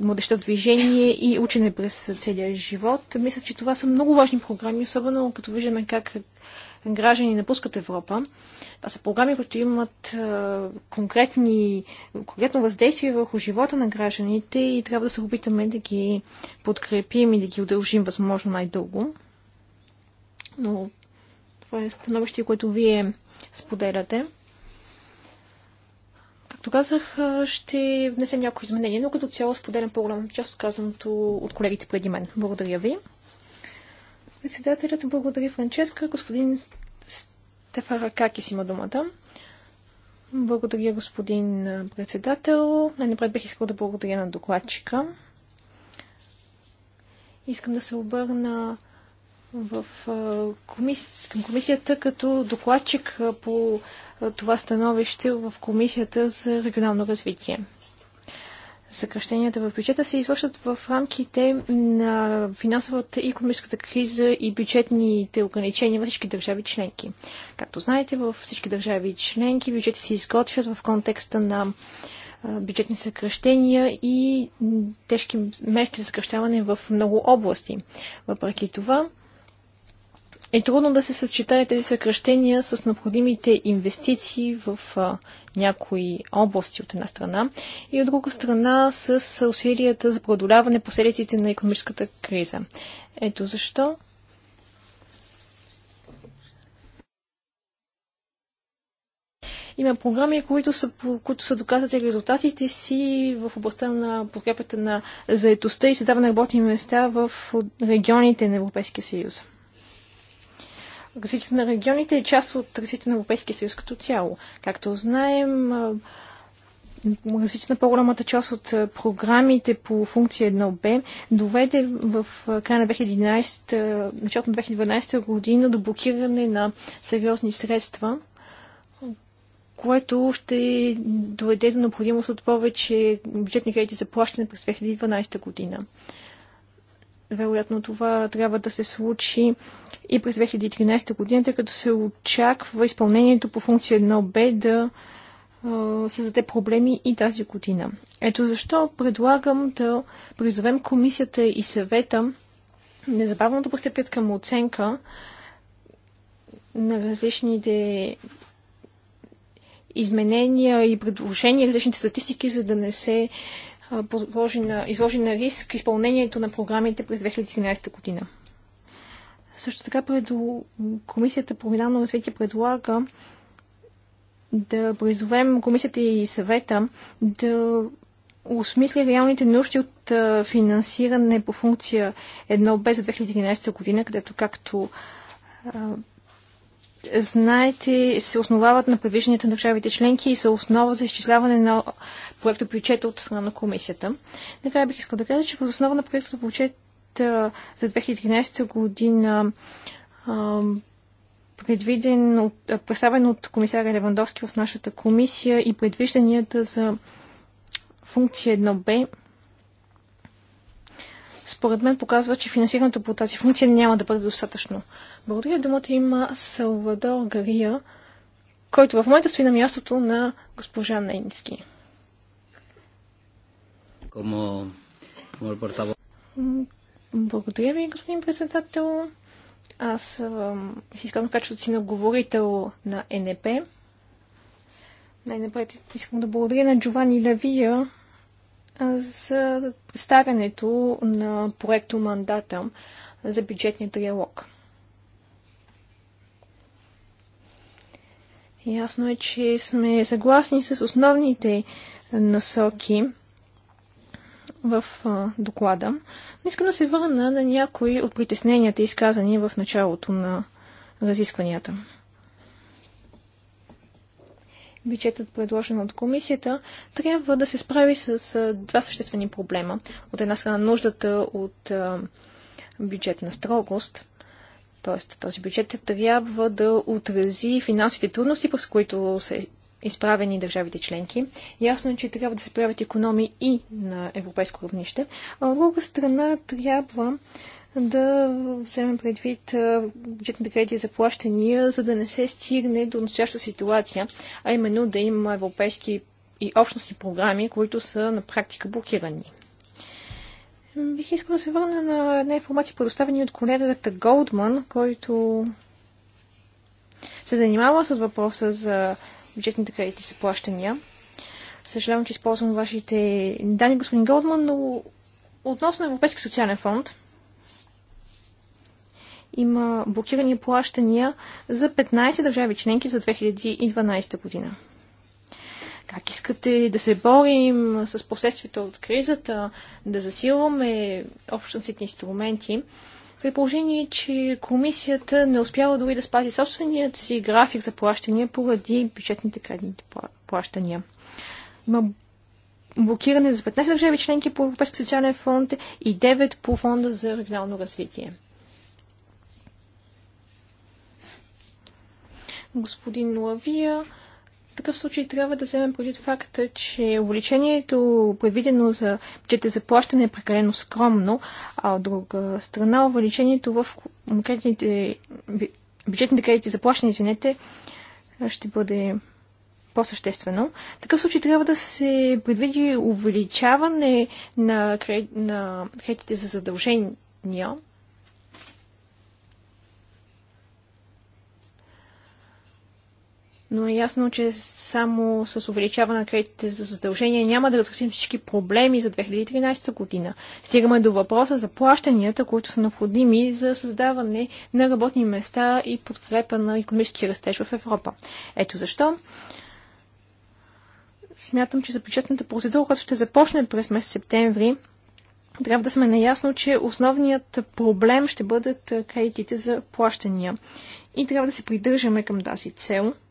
Младеща движение и Учене през целия живот. Мисля, че това са много важни програми, особено като виждаме как граждани напускат Европа. Това са програми, които имат конкретни, конкретно въздействие върху живота на гражданите и трябва да се опитаме да ги подкрепим и да ги удължим възможно най-дълго. Но това е становище, което вие споделяте. Както казах, ще внесем някои изменения, но като цяло споделям по-голямата част от казаното от колегите преди мен. Благодаря ви. Председателят благодари Франческа. Господин Стефара Какис има думата. Благодаря, господин председател. Най-напред бих искал да благодаря на докладчика. Искам да се обърна в комисията като докладчик по това становище в комисията за регионално развитие. Съкръщенията в бюджета се извършват в рамките на финансовата и економическата криза и бюджетните ограничения във всички държави членки. Както знаете, във всички държави членки бюджети се изготвят в контекста на бюджетни съкръщения и тежки мерки за съкръщаване в много области. Въпреки това, е трудно да се съчетае тези съкръщения с необходимите инвестиции в а, някои области от една страна и от друга страна с усилията за преодоляване последиците на економическата криза. Ето защо Има програми, които са, които са доказали резултатите си в областта на подкрепата на заетостта и създаване на работни места в регионите на Европейския съюз развитието на регионите е част от развитието на Европейския съюз като цяло. Както знаем, развитие на по-голямата част от програмите по функция 1Б доведе в края на 2011, началото на 2012 година до блокиране на сериозни средства, което ще доведе до необходимост от повече бюджетни кредити за плащане през 2012 година. Вероятно това трябва да се случи и през 2013 година, тъй като се очаква изпълнението по функция 1Б да създаде проблеми и тази година. Ето защо предлагам да призовем комисията и съвета незабавно да постъпят към оценка на различните изменения и предложения, различните статистики, за да не се изложи на, изложи на риск изпълнението на програмите през 2013 година. Също така преду... Комисията по регионално развитие предлага да призовем Комисията и съвета да осмисли реалните нужди от финансиране по функция 1Б за 2013 година, където, както знаете, се основават на предвижданията на държавите членки и са основа за изчисляване на проекта бюджета от страна на комисията. Накрая бих искал да кажа, че в основа на проекта бюджет за 2013 година предвиден, представен от комисаря Левандовски в нашата комисия и предвижданията за функция 1Б, според мен показва, че финансирането по тази функция няма да бъде достатъчно. Благодаря думата има Салвадор Гария, който в момента стои на мястото на госпожа Нейнски como, como el portavoz. Благодаря ви, господин председател. Аз си искам качеството си на говорител на НП. Най-напред искам да благодаря на Джовани Лавия за представянето на проекто мандата за бюджетния триалог. Ясно е, че сме съгласни с основните насоки в а, доклада. Но искам да се върна на някои от притесненията, изказани в началото на разискванията. Бюджетът, предложен от комисията, трябва да се справи с а, два съществени проблема. От една страна нуждата от а, бюджетна строгост, т.е. този бюджет трябва да отрази финансовите трудности, през които се изправени държавите членки. Ясно е, че трябва да се правят економии и на европейско равнище. А от друга страна трябва да вземем предвид бюджетните кредити за плащания, за да не се стигне до настояща ситуация, а именно да има европейски и общностни програми, които са на практика блокирани. Бих искала да се върна на една информация, предоставена от колегата Голдман, който се занимава с въпроса за бюджетните кредити са плащания. Съжалявам, че използвам вашите данни, господин Голдман, но относно Европейски социален фонд има блокирани плащания за 15 държави членки за 2012 година. Как искате да се борим с последствията от кризата, да засилваме общностните инструменти? при положение, че комисията не успява дори да спази собственият си график за плащания поради бюджетните кредитни плащания. Има блокиране за 15 държави членки по Европейски социален фонд и 9 по фонда за регионално развитие. Господин Лавия такъв случай трябва да вземем предвид факта, че увеличението, предвидено за бюджета за плащане, е прекалено скромно, а от друга страна увеличението в конкретните бюджетните кредити за плащане, извинете, ще бъде по-съществено. В такъв случай трябва да се предвиди увеличаване на, на кредитите за задължения, но е ясно, че само с увеличаване на кредитите за задължения няма да разрешим всички проблеми за 2013 година. Стигаме до въпроса за плащанията, които са необходими за създаване на работни места и подкрепа на економически растеж в Европа. Ето защо смятам, че за бюджетната процедура, която ще започне през месец септември, трябва да сме наясно, че основният проблем ще бъдат кредитите за плащания. И трябва да се придържаме към тази цел –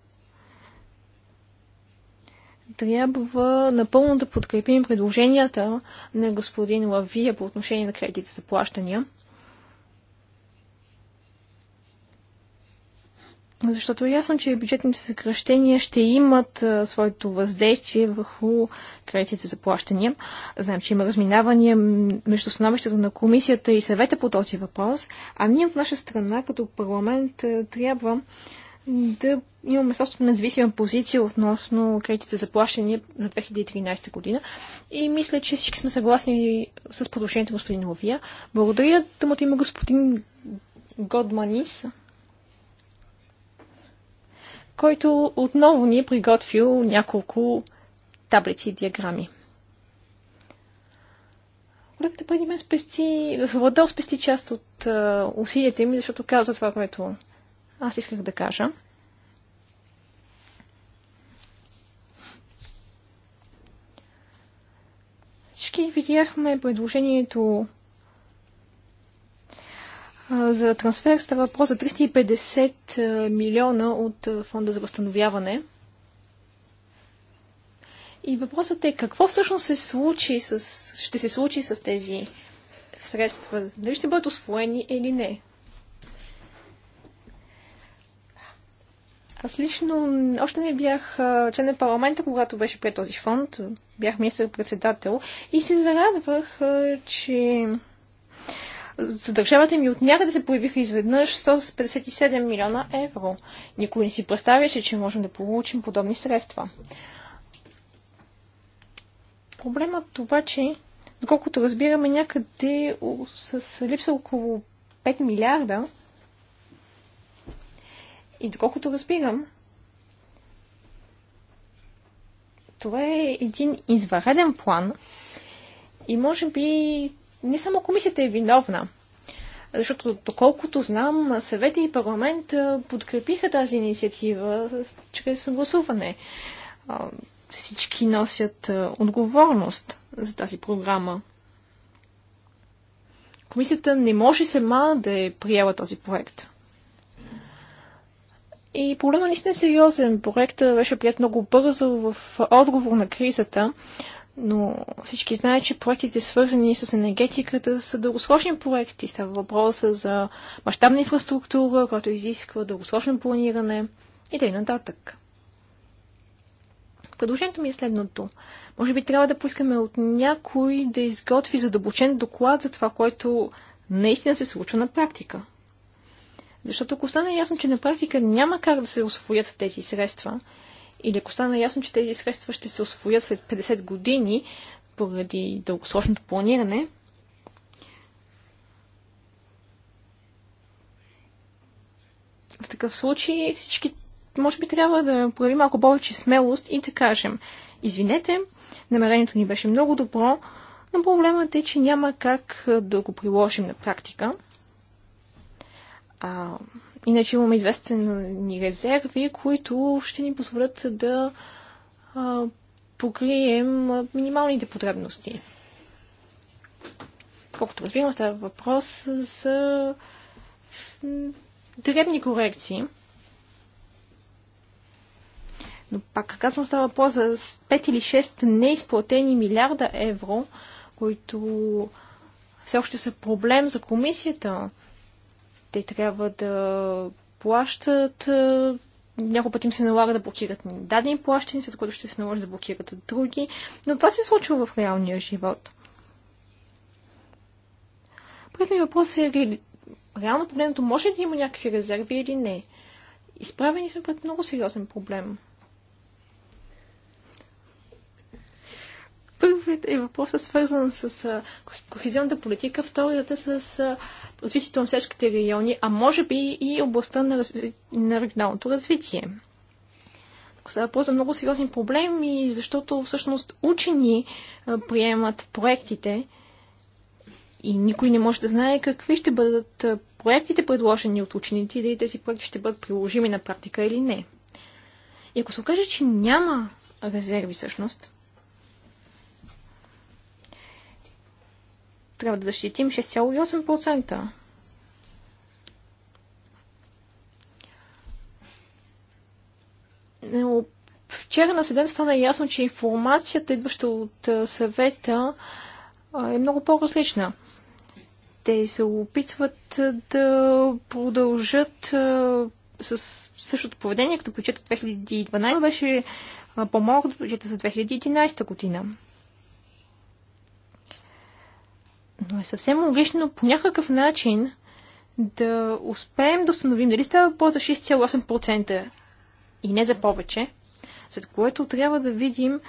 трябва напълно да подкрепим предложенията на господин Лавия по отношение на кредитите за плащания. Защото е ясно, че бюджетните съкръщения ще имат а, своето въздействие върху кредитите за плащания. Знаем, че има разминавания между становището на комисията и съвета по този въпрос, а ние от наша страна като парламент трябва да имаме собствена независима позиция относно кредитите за плащане за 2013 година и мисля, че всички сме съгласни с предложението господин Ловия. Благодаря. Думата има господин Годманис, който отново ни е приготвил няколко таблици и диаграми. Колегата преди мен спести, Владел спести част от усилията ми, защото каза това, което аз исках да кажа. Всички видяхме предложението за трансфер. Става въпрос за 350 милиона от фонда за възстановяване. И въпросът е какво всъщност се случи с, ще се случи с тези средства. Дали ще бъдат освоени или не? Аз лично още не бях член на парламента, когато беше пред този фонд. Бях министър-председател и се зарадвах, че за държавата ми от някъде се появиха изведнъж 157 милиона евро. Никой не си представяше, че можем да получим подобни средства. Проблемът обаче, доколкото разбираме, някъде с липса около 5 милиарда, и доколкото разбирам, това е един извареден план и може би не само комисията е виновна, защото доколкото знам, съвети и парламент подкрепиха тази инициатива чрез съгласуване. Всички носят отговорност за тази програма. Комисията не може сама да е приела този проект. И проблема наистина е сериозен. Проектът беше прият много бързо в отговор на кризата, но всички знаят, че проектите свързани с енергетиката са дългосрочни проекти. Става въпроса за мащабна инфраструктура, която изисква дългосрочно планиране и т.н. Предложението ми е следното. Може би трябва да поискаме от някой да изготви задълбочен доклад за това, което наистина се случва на практика. Защото ако стане ясно, че на практика няма как да се освоят тези средства, или ако стане ясно, че тези средства ще се освоят след 50 години поради дългосрочното планиране, в такъв случай всички може би трябва да проявим малко повече смелост и да кажем, извинете, намерението ни беше много добро, но проблемът е, че няма как да го приложим на практика. А, иначе имаме известни резерви, които ще ни позволят да а, покрием минималните потребности. Колкото разбирам, става въпрос за дребни корекции. Но пак казвам, става въпрос за 5 или 6 неизплатени милиарда евро, които все още са проблем за комисията. Те трябва да плащат. Е, Няколко пъти им се налага да блокират дадени плащани, след което ще се наложи да блокират други. Но това се случва в реалния живот. Първият въпрос е, реално погледнато, може ли да има някакви резерви или не? Изправени сме пред много сериозен проблем. Първият е въпросът свързан с кохезионната политика, вторият е с развитието на селските райони, а може би и областта на, разви... на регионалното развитие. Става въпрос за много сериозни проблеми, защото всъщност учени приемат проектите и никой не може да знае какви ще бъдат проектите предложени от учените и дали тези проекти ще бъдат приложими на практика или не. И ако се окаже, че няма резерви всъщност, трябва да защитим 6,8%. Вчера на 7 стана ясно, че информацията, идваща от съвета, е много по-различна. Те се опитват да продължат с същото поведение, като бюджета 2012 беше по малко от бюджета за 2011 година. Но е съвсем логично по някакъв начин да успеем да установим дали става въпрос за 6,8% и не за повече, след което трябва да видим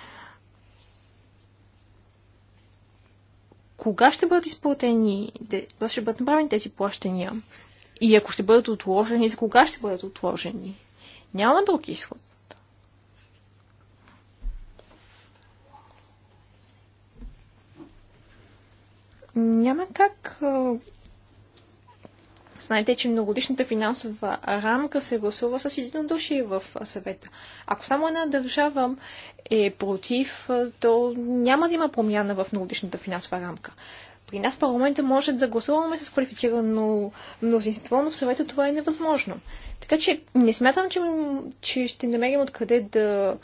кога ще бъдат изплатени, кога ще бъдат направени тези плащания и ако ще бъдат отложени, за кога ще бъдат отложени. Няма друг изход. Няма как. Знаете, че многодишната финансова рамка се гласува с единодушие в съвета. Ако само една държава е против, то няма да има промяна в многодишната финансова рамка. При нас парламента може да гласуваме с квалифицирано мнозинство, но в съвета това е невъзможно. Така че не смятам, че, че ще намерим откъде да.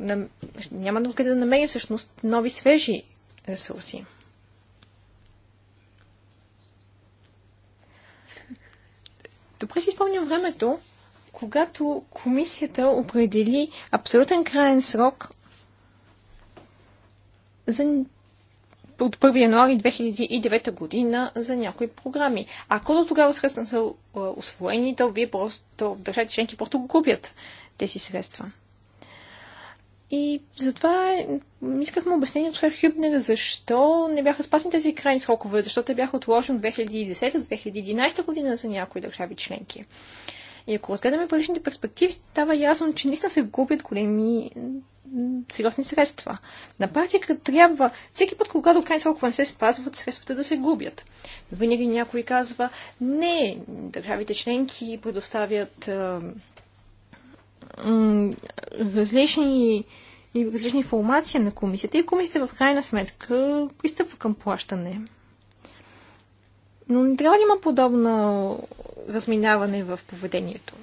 нам, няма откъде да намерим всъщност нови свежи ресурси. Добре си спомням времето, когато комисията определи абсолютен крайен срок за от 1 януари 2009 година за някои програми. Ако до тогава средства са освоени, то вие просто, държавите членки просто губят тези средства. И затова искахме обяснение от Хер Хюбнер защо не бяха спасни тези крайни срокове, защо те бяха отложени от 2010-2011 година за някои държави членки. И ако разгледаме предишните перспективи, става ясно, че наистина се губят големи сериозни средства. На практика трябва всеки път, когато крайни срокове не се спазват, средствата да се губят. Винаги някой казва, не, държавите членки предоставят различни и различни информация на комисията и комисията в крайна сметка пристъпва към плащане. Но не трябва да има подобно разминаване в поведението.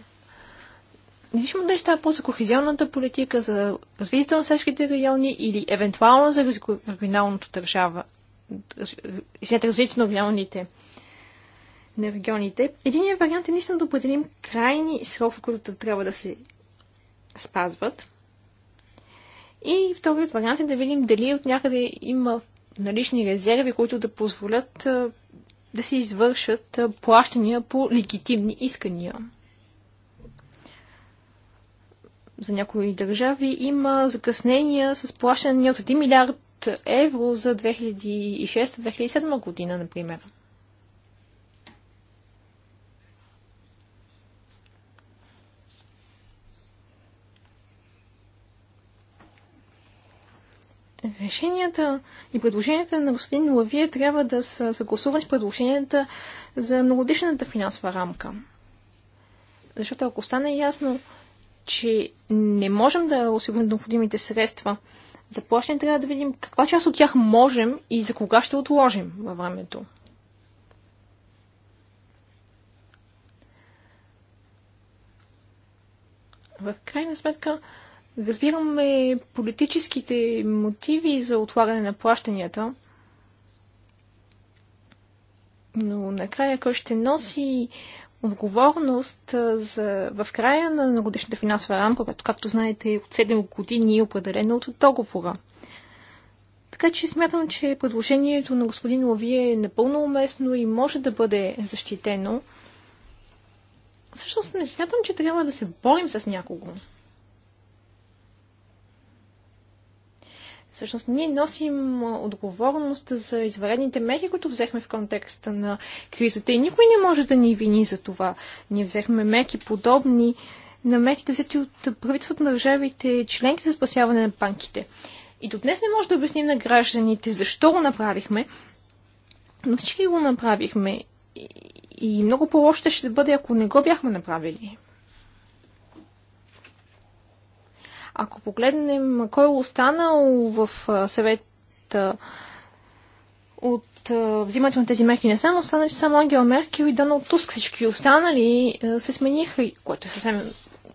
Независимо дали е става по за кохезионната политика, за развитието на селските райони или евентуално за регионалното държава, извинете, развитието на регионалните на регионите. Единият вариант е наистина да определим крайни срокове, които трябва да се спазват. И вторият вариант е да видим дали от някъде има налични резерви, които да позволят да се извършат плащания по легитимни искания. За някои държави има закъснения с плащане от 1 милиард евро за 2006-2007 година, например. решенията и предложенията на господин Лавие трябва да са съгласувани с предложенията за многодишната финансова рамка. Защото ако стане ясно, че не можем да осигурим необходимите средства за плащане, трябва да видим каква част от тях можем и за кога ще отложим във времето. В крайна сметка, Разбираме политическите мотиви за отлагане на плащанията, но накрая кой ще носи отговорност за, в края на, годишната финансова рамка, като, както знаете, е от 7 години е определено от договора. Така че смятам, че предложението на господин Лавие е напълно уместно и може да бъде защитено. Всъщност не смятам, че трябва да се борим с някого. Всъщност ние носим отговорност за изваредните мерки, които взехме в контекста на кризата и никой не може да ни вини за това. Ние взехме мерки подобни на мерките взети от правителството на държавите членки за спасяване на банките. И до днес не може да обясним на гражданите защо го направихме, но всички го направихме. И много по-лошо ще бъде, ако не го бяхме направили. Ако погледнем кой е останал в съвет от взимането на тези мерки не само останали само Ангела Меркел и Доналд Туск. Всички останали се смениха, което е съвсем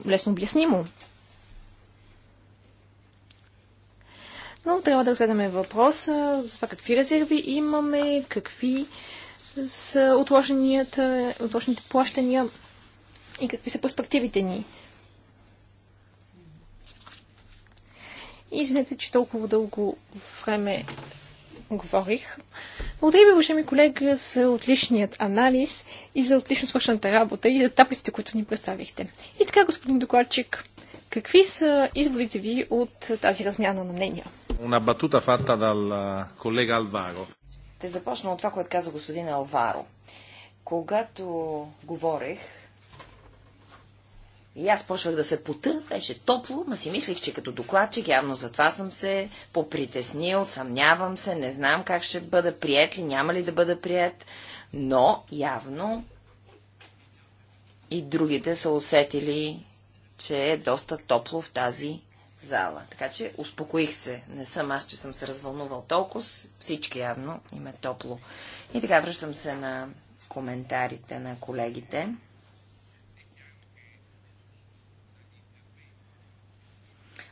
лесно обяснимо. Но трябва да разгледаме въпроса за това какви резерви имаме, какви са отложените плащания и какви са перспективите ни. Извинете, че толкова дълго време говорих. Благодаря ви, уважаеми колега, за отличният анализ и за отлично свършената работа и за таблиците, които ни представихте. И така, господин докладчик, какви са изводите ви от тази размяна на мнения? Una батута fatta dal колега Алваро. Ще започна от това, което каза господин Алваро. Когато говорех, и аз почвах да се пота, беше топло, ма си мислих, че като докладчик явно затова съм се попритеснил, съмнявам се, не знам как ще бъда прият ли, няма ли да бъда прият, но явно и другите са усетили, че е доста топло в тази зала. Така че успокоих се. Не съм аз, че съм се развълнувал толкова. Всички явно им е топло. И така връщам се на коментарите на колегите.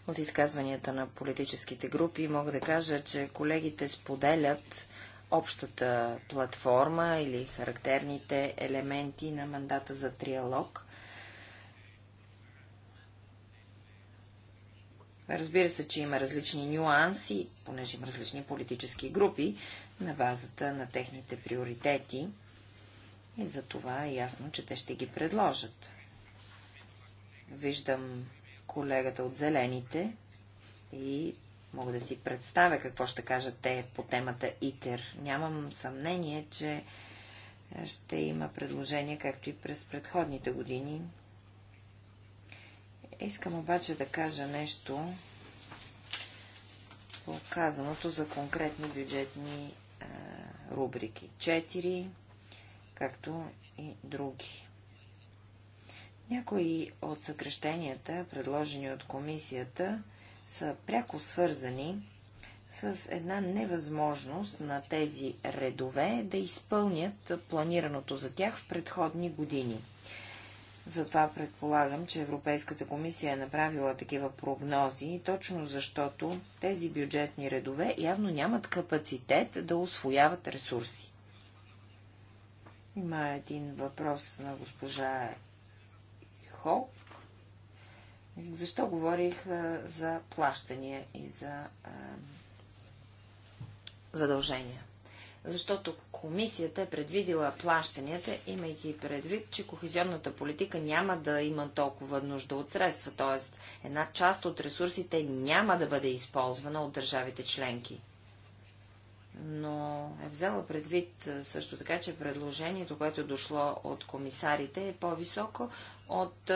от изказванията на политическите групи. Мога да кажа, че колегите споделят общата платформа или характерните елементи на мандата за триалог. Разбира се, че има различни нюанси, понеже има различни политически групи на базата на техните приоритети. И за това е ясно, че те ще ги предложат. Виждам колегата от Зелените и мога да си представя какво ще кажат те по темата ИТЕР. Нямам съмнение, че е, ще има предложения, както и през предходните години. Искам обаче да кажа нещо по казаното за конкретни бюджетни е, рубрики. Четири, както и други. Някои от съкрещенията, предложени от комисията, са пряко свързани с една невъзможност на тези редове да изпълнят планираното за тях в предходни години. Затова предполагам, че Европейската комисия е направила такива прогнози, точно защото тези бюджетни редове явно нямат капацитет да освояват ресурси. Има един въпрос на госпожа Хо, защо говорих за плащания и за задължения? Защото комисията е предвидила плащанията, имайки предвид, че кохезионната политика няма да има толкова нужда от средства, т.е. една част от ресурсите няма да бъде използвана от държавите членки но е взела предвид също така, че предложението, което е дошло от комисарите, е по-високо от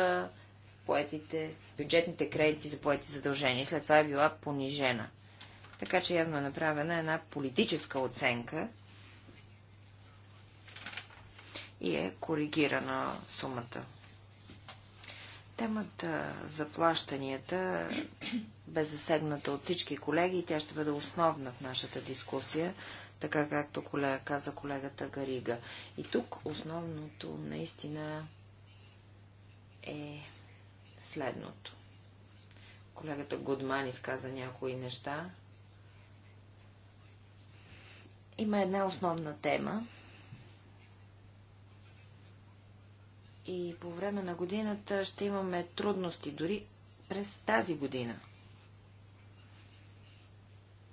поетите, бюджетните кредити за поети задължения. След това е била понижена. Така че явно е направена една политическа оценка и е коригирана сумата. Темата за плащанията бе засегната от всички колеги и тя ще бъде основна в нашата дискусия, така както колега, каза колегата Гарига. И тук основното наистина е следното. Колегата Гудман изказа някои неща. Има една основна тема, и по време на годината ще имаме трудности дори през тази година.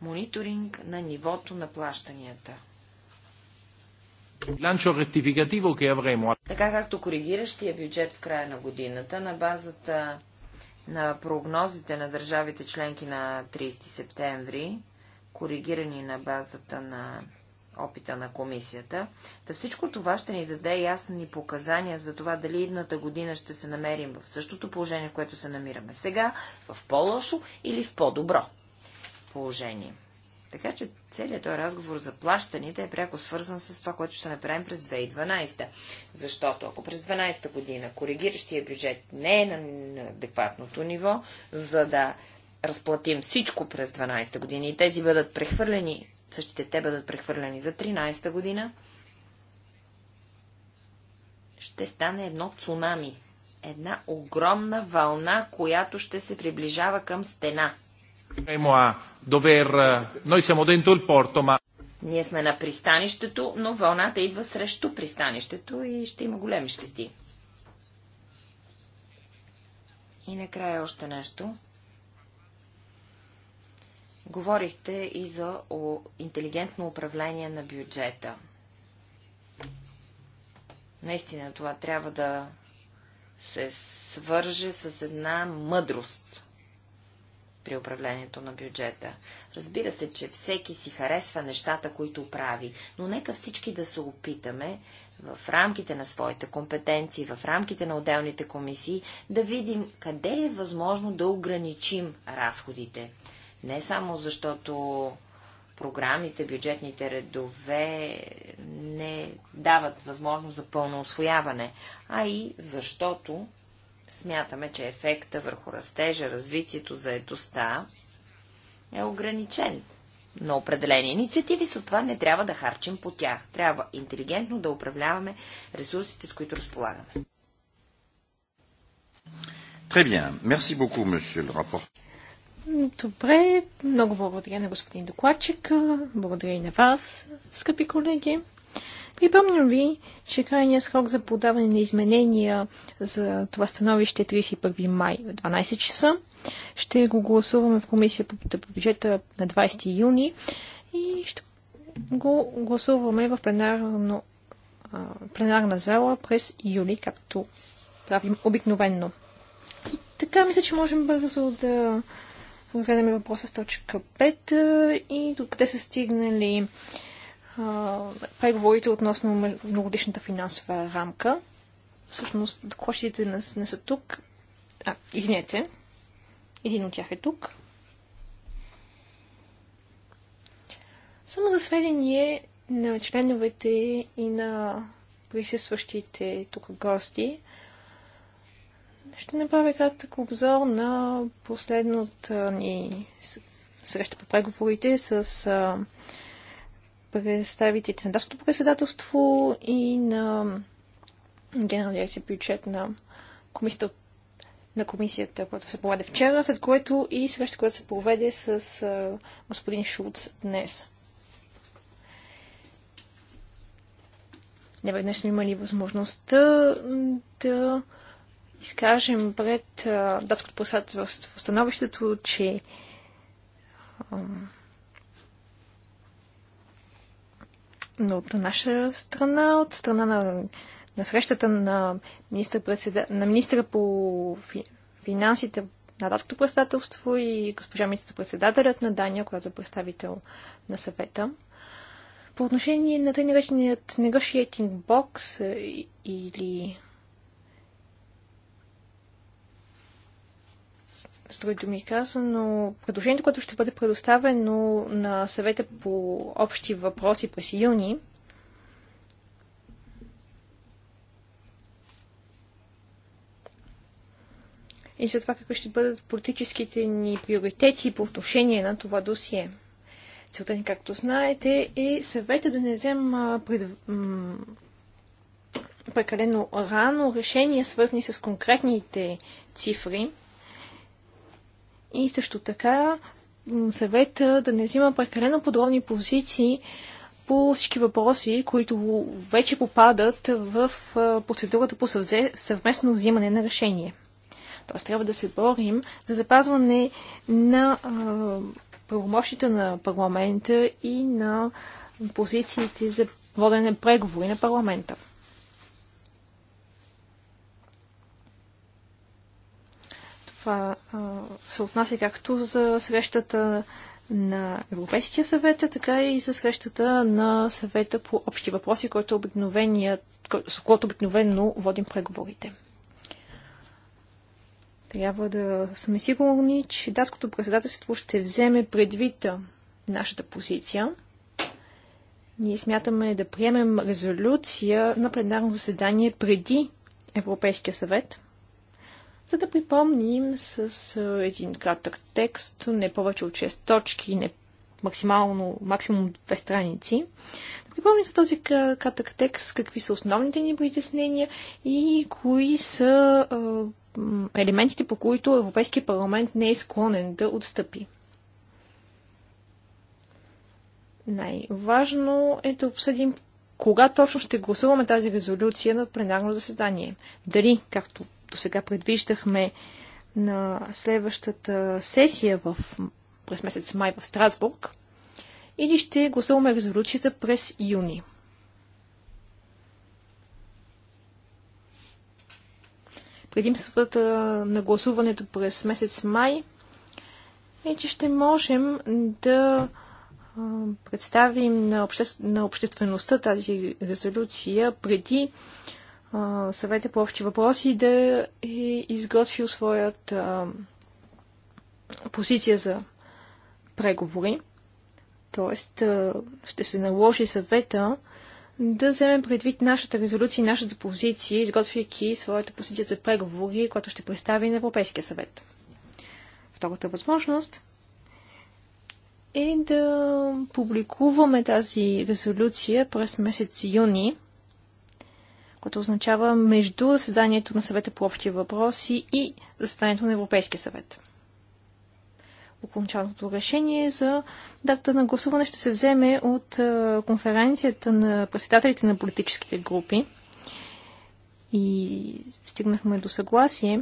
Мониторинг на нивото на плащанията. Така както коригиращия бюджет в края на годината на базата на прогнозите на държавите членки на 30 септември, коригирани на базата на опита на комисията. Та всичко това ще ни даде ясни показания за това дали идната година ще се намерим в същото положение, в което се намираме сега, в по-лошо или в по-добро положение. Така че целият този разговор за плащаните е пряко свързан с това, което ще направим през 2012. Защото ако през 2012 година коригиращия бюджет не е на адекватното ниво, за да разплатим всичко през 2012 година и тези бъдат прехвърлени същите те бъдат прехвърляни за 13-та година, ще стане едно цунами. Една огромна вълна, която ще се приближава към стена. Eh, Ние сме на пристанището, но вълната идва срещу пристанището и ще има големи щети. И накрая още нещо. Говорихте и за интелигентно управление на бюджета. Наистина това трябва да се свърже с една мъдрост при управлението на бюджета. Разбира се, че всеки си харесва нещата, които прави, но нека всички да се опитаме в рамките на своите компетенции, в рамките на отделните комисии, да видим къде е възможно да ограничим разходите. Не само защото програмите, бюджетните редове не дават възможност за пълно освояване, а и защото смятаме, че ефекта върху растежа, развитието, заедостта е ограничен на определени инициативи, с това не трябва да харчим по тях. Трябва интелигентно да управляваме ресурсите, с които разполагаме. Très bien. Merci beaucoup, monsieur le rapporteur. Добре, много благодаря на господин докладчик, благодаря и на вас, скъпи колеги. Припомням ви, че крайният срок за подаване на изменения за това становище 31 е май в 12 часа. Ще го гласуваме в комисия по бюджета на 20 юни и ще го гласуваме в пленарно, пленарна зала през юли, както правим обикновенно. И така мисля, че можем бързо да разгледаме въпроса с точка 5 и до къде са стигнали а, преговорите относно многодишната финансова рамка. Всъщност, докладчиците не, не са тук. А, извинете. Един от тях е тук. Само за сведение на членовете и на присъстващите тук гости, ще направя кратък обзор на последната ни среща по преговорите с представителите на Даското председателство и на генералния дирекция бюджет на комисията, на комисията, която се проведе вчера, след което и среща, която се проведе с господин Шулц днес. Неведнъж сме имали възможността да изкажем пред датското председателство становището, че но от наша страна, от страна на, на срещата на министър, на министра по фи, финансите на датското председателство и госпожа министър-председателят на Дания, която е представител на съвета. По отношение на тъй нареченият negotiating box е, или с ми каза, но предложението, което ще бъде предоставено на съвета по общи въпроси през юни, и за това какви ще бъдат политическите ни приоритети по отношение на това досие. Целта ни, както знаете, е съвета да не взема пред... прекалено рано решения, свързани с конкретните цифри, и също така съвета да не взима прекалено подробни позиции по всички въпроси, които вече попадат в процедурата по съвместно взимане на решение. Тоест трябва да се борим за запазване на правомощите на парламента и на позициите за водене преговори на парламента. Това се отнася както за срещата на Европейския съвет, така и за срещата на съвета по общи въпроси, който с който обикновено водим преговорите. Трябва да сме сигурни, че датското председателство ще вземе предвид нашата позиция. Ние смятаме да приемем резолюция на пленарно заседание преди Европейския съвет – за да припомним с един кратък текст, не повече от 6 точки, не максимално, максимум две страници. Да припомним за този кратък текст какви са основните ни притеснения и кои са елементите, по които Европейския парламент не е склонен да отстъпи. Най-важно е да обсъдим кога точно ще гласуваме тази резолюция на пленарно заседание. Дали, както както сега предвиждахме на следващата сесия в, през месец май в Страсбург, или ще гласуваме резолюцията през юни. Предимствата на гласуването през месец май е, че ще можем да представим на, на обществеността тази резолюция преди съвета по общи въпроси и да е изготвил а, позиция за преговори. Тоест, ще се наложи съвета да вземем предвид нашата резолюция и нашата позиция, изготвяйки своята позиция за преговори, която ще представи на Европейския съвет. Втората възможност е да публикуваме тази резолюция през месец юни което означава между заседанието на съвета по общи въпроси и заседанието на Европейския съвет. Окончателното решение за датата на гласуване ще се вземе от конференцията на председателите на политическите групи и стигнахме до съгласие,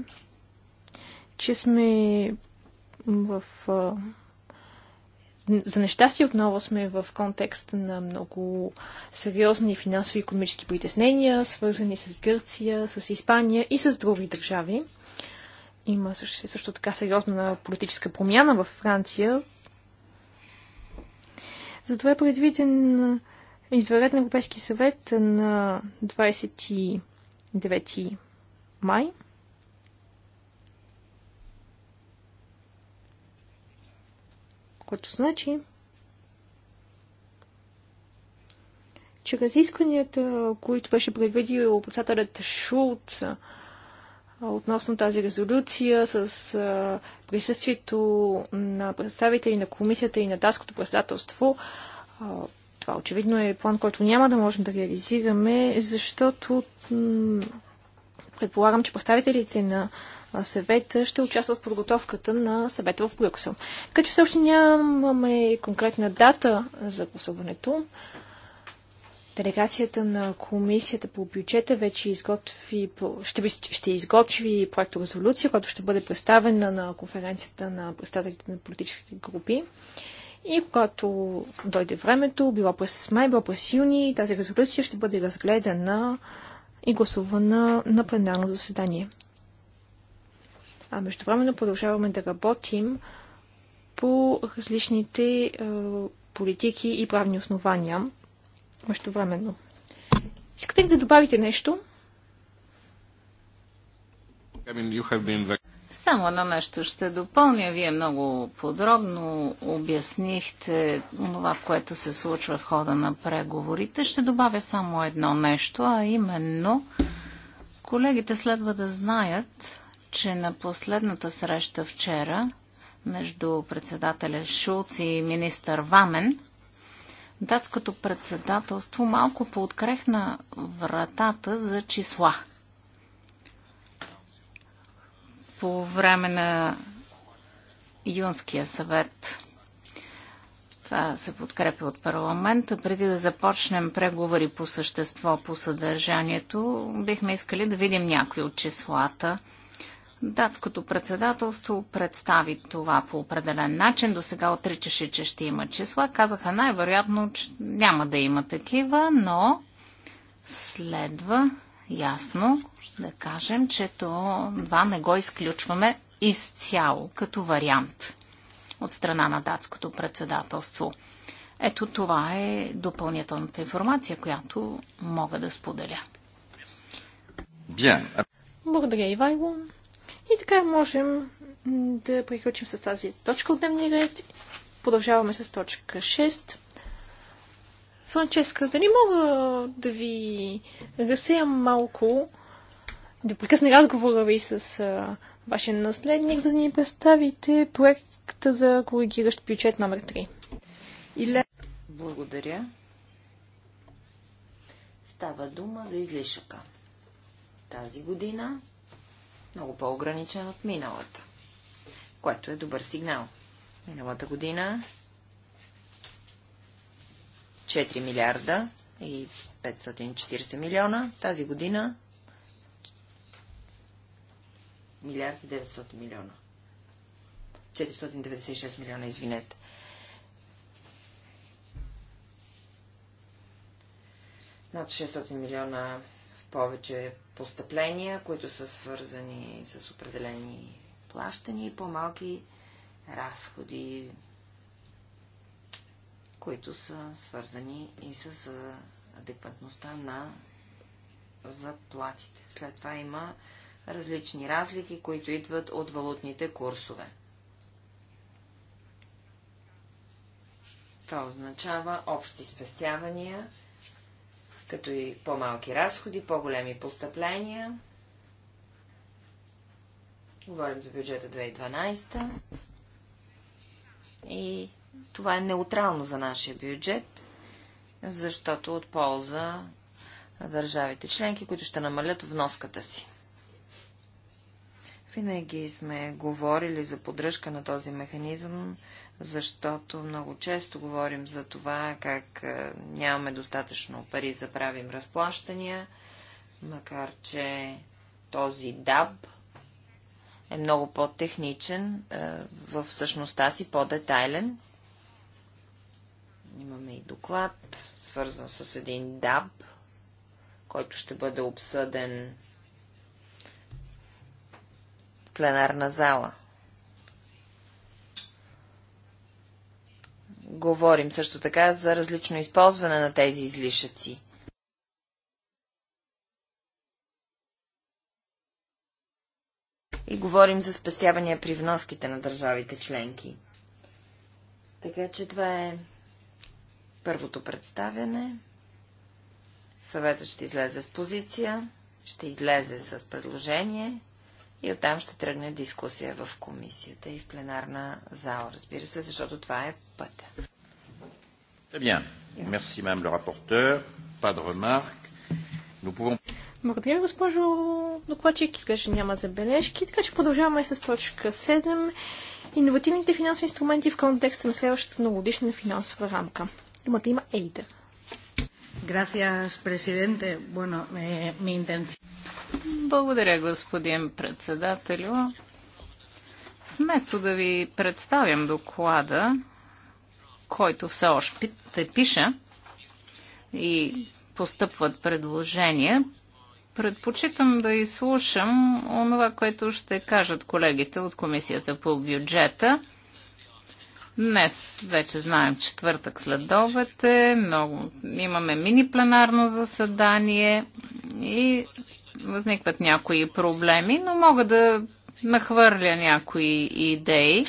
че сме в за нещастие отново сме в контекст на много сериозни финансови и економически притеснения, свързани с Гърция, с Испания и с други държави. Има също, също така сериозна политическа промяна в Франция. Затова е предвиден извънреден Европейски съвет на 29 май – Което значи, че разискванията, които беше предвидил председателят Шулц относно тази резолюция с присъствието на представители на комисията и на датското председателство, това очевидно е план, който няма да можем да реализираме, защото предполагам, че представителите на съвета ще участва в подготовката на съвета в Брюксел. Като все още нямаме конкретна дата за гласуването. Делегацията на комисията по бюджета вече изготви, ще, ще изготви проекта резолюция, която ще бъде представена на конференцията на представителите на политическите групи. И когато дойде времето, било през май, било през юни, тази резолюция ще бъде разгледана и гласувана на пленарно заседание. А междувременно продължаваме да работим по различните политики и правни основания. Междувременно. Искате ли да добавите нещо? Само едно нещо ще допълня. Вие много подробно обяснихте това, което се случва в хода на преговорите. Ще добавя само едно нещо, а именно колегите следва да знаят, че на последната среща вчера между председателя Шулц и министър Вамен, датското председателство малко пооткрехна вратата за числа. По време на Юнския съвет това се подкрепи от парламента. Преди да започнем преговори по същество, по съдържанието, бихме искали да видим някои от числата – Датското председателство представи това по определен начин. До сега отричаше, че ще има числа. Казаха най-вероятно, че няма да има такива, но следва ясно да кажем, че това не го изключваме изцяло като вариант от страна на датското председателство. Ето това е допълнителната информация, която мога да споделя. Благодаря, Ивайло. И така можем да приключим с тази точка от дневния ред. Продължаваме с точка 6. Франческа, да не мога да ви разсея малко, да прекъсна разговора ви с а, вашия наследник, за да ни представите проекта за коригиращ бюджет номер 3? Иле... Благодаря. Става дума за излишъка. Тази година много по-ограничен от миналата, което е добър сигнал. Миналата година 4 милиарда и 540 милиона, тази година милиард и 900 милиона. 496 милиона, извинете. Над 600 милиона повече постъпления, които са свързани с определени плащания и по-малки разходи, които са свързани и с адекватността на заплатите. След това има различни разлики, които идват от валутните курсове. Това означава общи спестявания – като и по-малки разходи, по-големи постъпления. Говорим за бюджета 2012. И това е неутрално за нашия бюджет, защото от полза на държавите членки, които ще намалят вноската си. Винаги сме говорили за поддръжка на този механизъм защото много често говорим за това, как нямаме достатъчно пари за правим разплащания, макар че този даб е много по-техничен, в същността си по-детайлен. Имаме и доклад, свързан с един даб, който ще бъде обсъден в пленарна зала. Говорим също така за различно използване на тези излишъци. И говорим за спестявания при вноските на държавите членки. Така че това е първото представяне. Съветът ще излезе с позиция, ще излезе с предложение и оттам ще тръгне дискусия в комисията и в пленарна зала, разбира се, защото това е пътя. Благодаря, госпожо докладчик. Изглежда няма забележки, така че продължаваме с точка 7. Инновативните финансови инструменти в контекста на следващата многодишна финансова рамка. Думата има Ейдер. Gracias, presidente. Bueno, eh, mi intención. Благодаря, господин председателю. Вместо да ви представям доклада, който все още пиша и постъпват предложения, предпочитам да изслушам онова, което ще кажат колегите от Комисията по бюджета. Днес вече знаем четвъртък след обед е, много, имаме мини пленарно заседание и възникват някои проблеми, но мога да нахвърля някои идеи.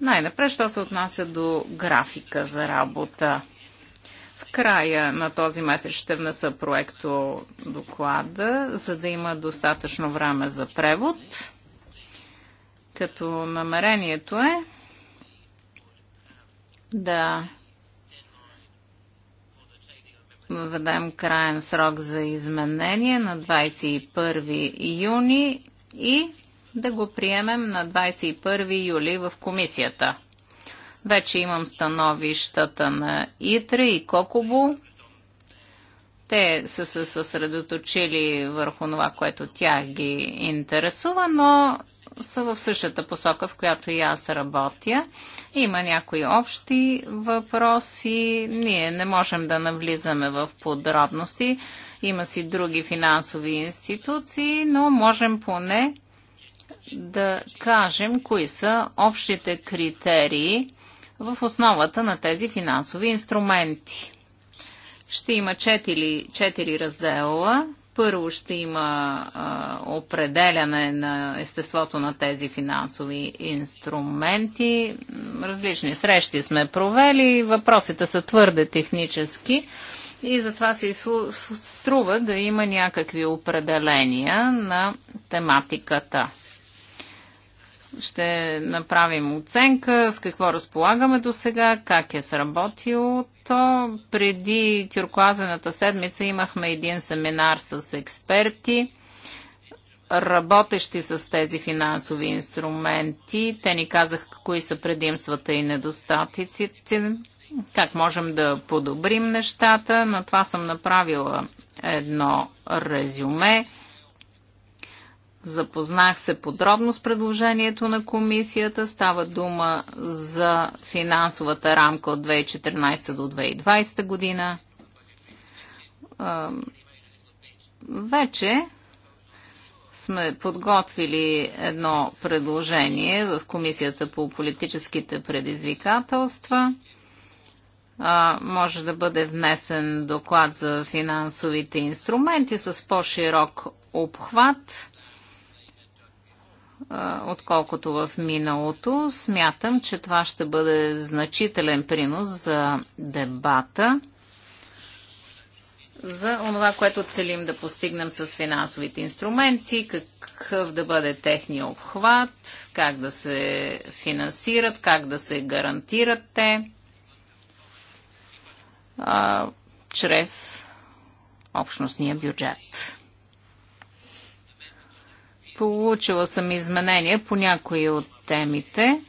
Най-напред, що се отнася до графика за работа. В края на този месец ще внеса проекто доклада, за да има достатъчно време за превод, като намерението е да въведем крайен срок за изменение на 21 юни и да го приемем на 21 юли в комисията. Вече имам становищата на Итра и Кокобо. Те са се съсредоточили върху това, което тя ги интересува, но са в същата посока, в която и аз работя. Има някои общи въпроси. Ние не можем да навлизаме в подробности. Има си други финансови институции, но можем поне да кажем кои са общите критерии в основата на тези финансови инструменти. Ще има четири, четири раздела първо ще има а, определяне на естеството на тези финансови инструменти. Различни срещи сме провели. Въпросите са твърде технически. И затова се струва да има някакви определения на тематиката. Ще направим оценка с какво разполагаме до сега, как е сработило то. Преди тюркуазената седмица имахме един семинар с експерти работещи с тези финансови инструменти. Те ни казаха кои са предимствата и недостатъците, как можем да подобрим нещата. На това съм направила едно резюме. Запознах се подробно с предложението на комисията. Става дума за финансовата рамка от 2014 до 2020 година. Вече сме подготвили едно предложение в Комисията по политическите предизвикателства. може да бъде внесен доклад за финансовите инструменти с по-широк обхват отколкото в миналото. Смятам, че това ще бъде значителен принос за дебата за това, което целим да постигнем с финансовите инструменти, какъв да бъде техния обхват, как да се финансират, как да се гарантират те а, чрез общностния бюджет. Получила съм изменения по някои от темите.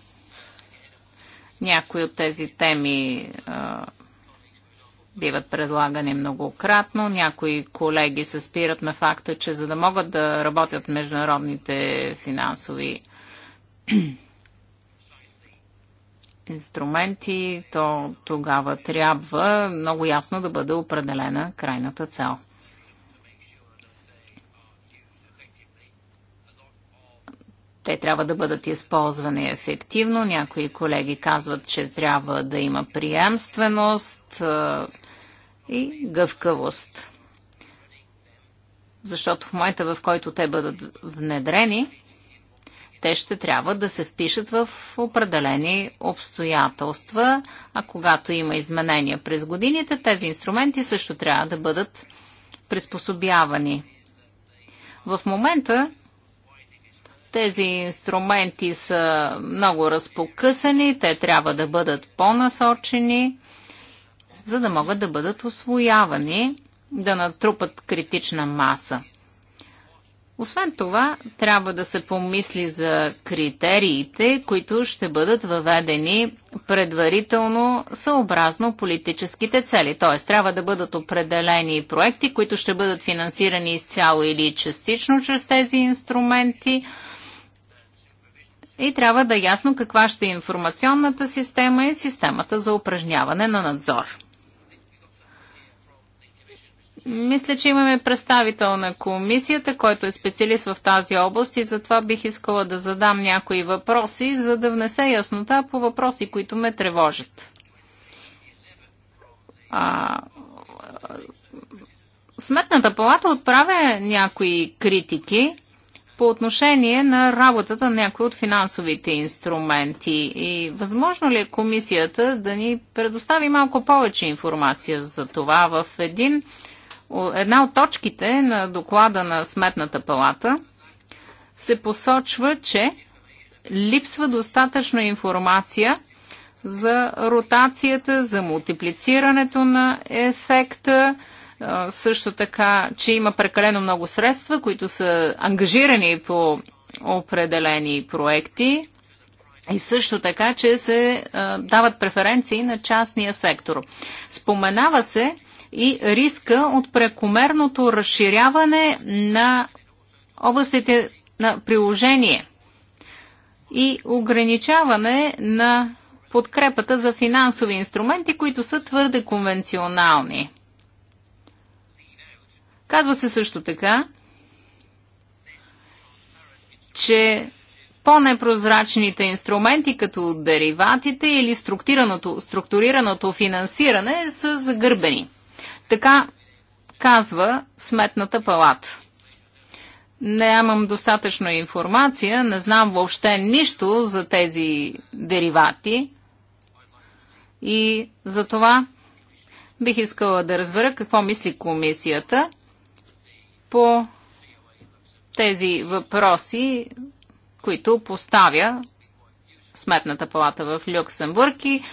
Някои от тези теми а, биват предлагани многократно. Някои колеги се спират на факта, че за да могат да работят международните финансови инструменти, то тогава трябва много ясно да бъде определена крайната цел. Те трябва да бъдат използвани ефективно. Някои колеги казват, че трябва да има приемственост и гъвкавост. Защото в момента, в който те бъдат внедрени, те ще трябва да се впишат в определени обстоятелства, а когато има изменения през годините, тези инструменти също трябва да бъдат приспособявани. В момента тези инструменти са много разпокъсани, те трябва да бъдат по-насочени, за да могат да бъдат освоявани, да натрупат критична маса. Освен това, трябва да се помисли за критериите, които ще бъдат въведени предварително съобразно политическите цели. Т.е. трябва да бъдат определени проекти, които ще бъдат финансирани изцяло или частично чрез тези инструменти. И трябва да е ясно каква ще е информационната система и системата за упражняване на надзор. Мисля, че имаме представител на комисията, който е специалист в тази област и затова бих искала да задам някои въпроси, за да внесе яснота по въпроси, които ме тревожат. А, Сметната палата отправя някои критики по отношение на работата на някои от финансовите инструменти. И възможно ли е комисията да ни предостави малко повече информация за това в един, една от точките на доклада на Сметната палата се посочва, че липсва достатъчно информация за ротацията, за мултиплицирането на ефекта, също така, че има прекалено много средства, които са ангажирани по определени проекти и също така, че се а, дават преференции на частния сектор. Споменава се и риска от прекомерното разширяване на областите на приложение и ограничаване на подкрепата за финансови инструменти, които са твърде конвенционални. Казва се също така, че по-непрозрачните инструменти, като дериватите или структурираното, структурираното финансиране, са загърбени. Така казва Сметната палата. Нямам достатъчно информация, не знам въобще нищо за тези деривати и за това бих искала да разбера какво мисли комисията по тези въпроси, които поставя Сметната палата в Люксембург и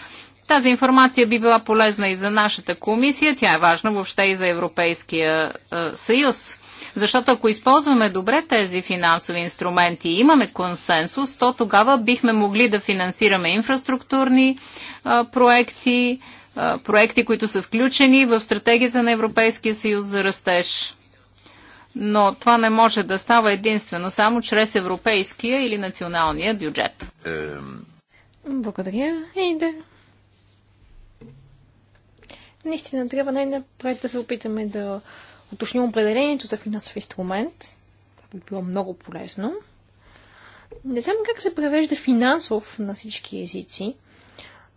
тази информация би била полезна и за нашата комисия, тя е важна въобще и за Европейския е, съюз. Защото ако използваме добре тези финансови инструменти и имаме консенсус, то тогава бихме могли да финансираме инфраструктурни а, е, проекти, а, е, проекти, които са включени в стратегията на Европейския съюз за растеж но това не може да става единствено само чрез европейския или националния бюджет. Благодаря. И да. Наистина трябва най-напред да се опитаме да уточним определението за финансов инструмент. Това би било много полезно. Не знам как се превежда финансов на всички езици,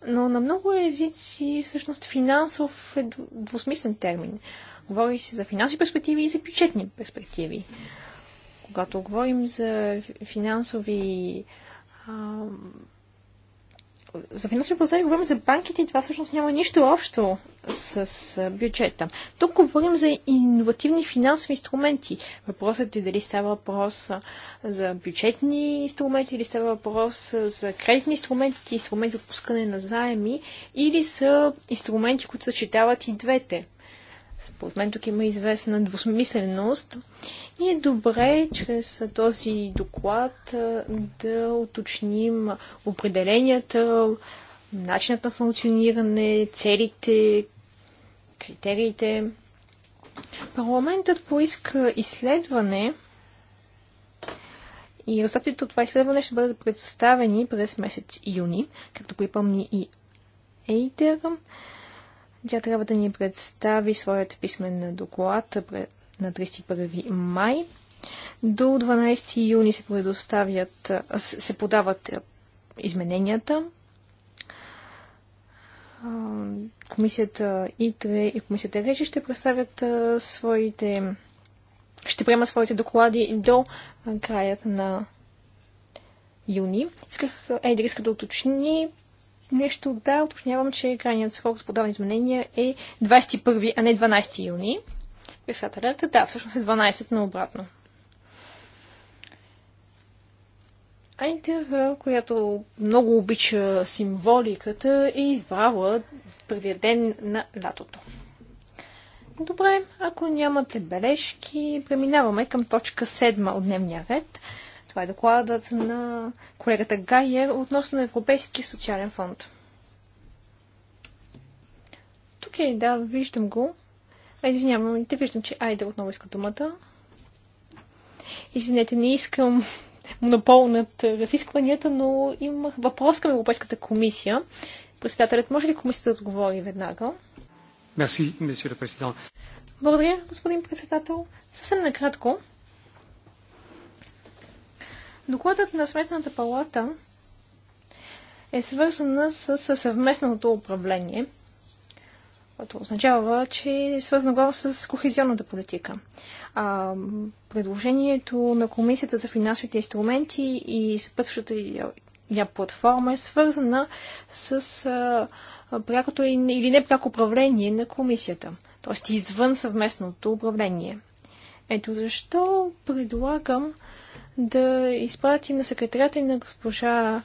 но на много езици всъщност финансов е двусмислен термин. Говори се за финансови перспективи и за бюджетни перспективи. Когато говорим за финансови а, за финансови пазари говорим за банките и това всъщност няма нищо общо с бюджета. Тук говорим за иновативни финансови инструменти. Въпросът е дали става въпрос за бюджетни инструменти, или става въпрос за кредитни инструменти, инструменти за отпускане на заеми, или са инструменти, които съчетават и двете. Според мен тук има известна двусмисленост и е добре чрез този доклад да уточним определенията, начинът на функциониране, целите, критериите. Парламентът поиска изследване и резултатите от това изследване ще бъдат представени през месец юни, както припомни и Ейдер. Тя трябва да ни представи своят писмен доклад на 31 май. До 12 юни се предоставят, се подават е, измененията. Комисията ИТРЕ и комисията РЕЖИ ще представят своите ще приема своите доклади до краят на юни. Исках иска да уточни нещо да уточнявам, че крайният срок за подаване изменения е 21, а не 12 юни. Писателят, да, всъщност е 12, но обратно. Айтер, която много обича символиката, е избрала първия ден на лятото. Добре, ако нямате бележки, преминаваме към точка 7 от дневния ред – това е докладът на колегата Гайер относно Европейския социален фонд. Тук е, да, виждам го. А, извинявам, те виждам, че Айда отново иска думата. Извинете, не искам монопол над разискванията, но имах въпрос към Европейската комисия. Председателят, може ли комисията да отговори веднага? Мерси, месье президент. Благодаря, господин председател. Съвсем накратко, Докладът на Сметната палата е свързана с, съвместното управление, което означава, че е свързано главно с кохезионната политика. А, предложението на Комисията за финансовите инструменти и съпътващата я платформа е свързана с а, прякото или непряко управление на Комисията, т.е. извън съвместното управление. Ето защо предлагам да изпрати на секретарята и на госпожа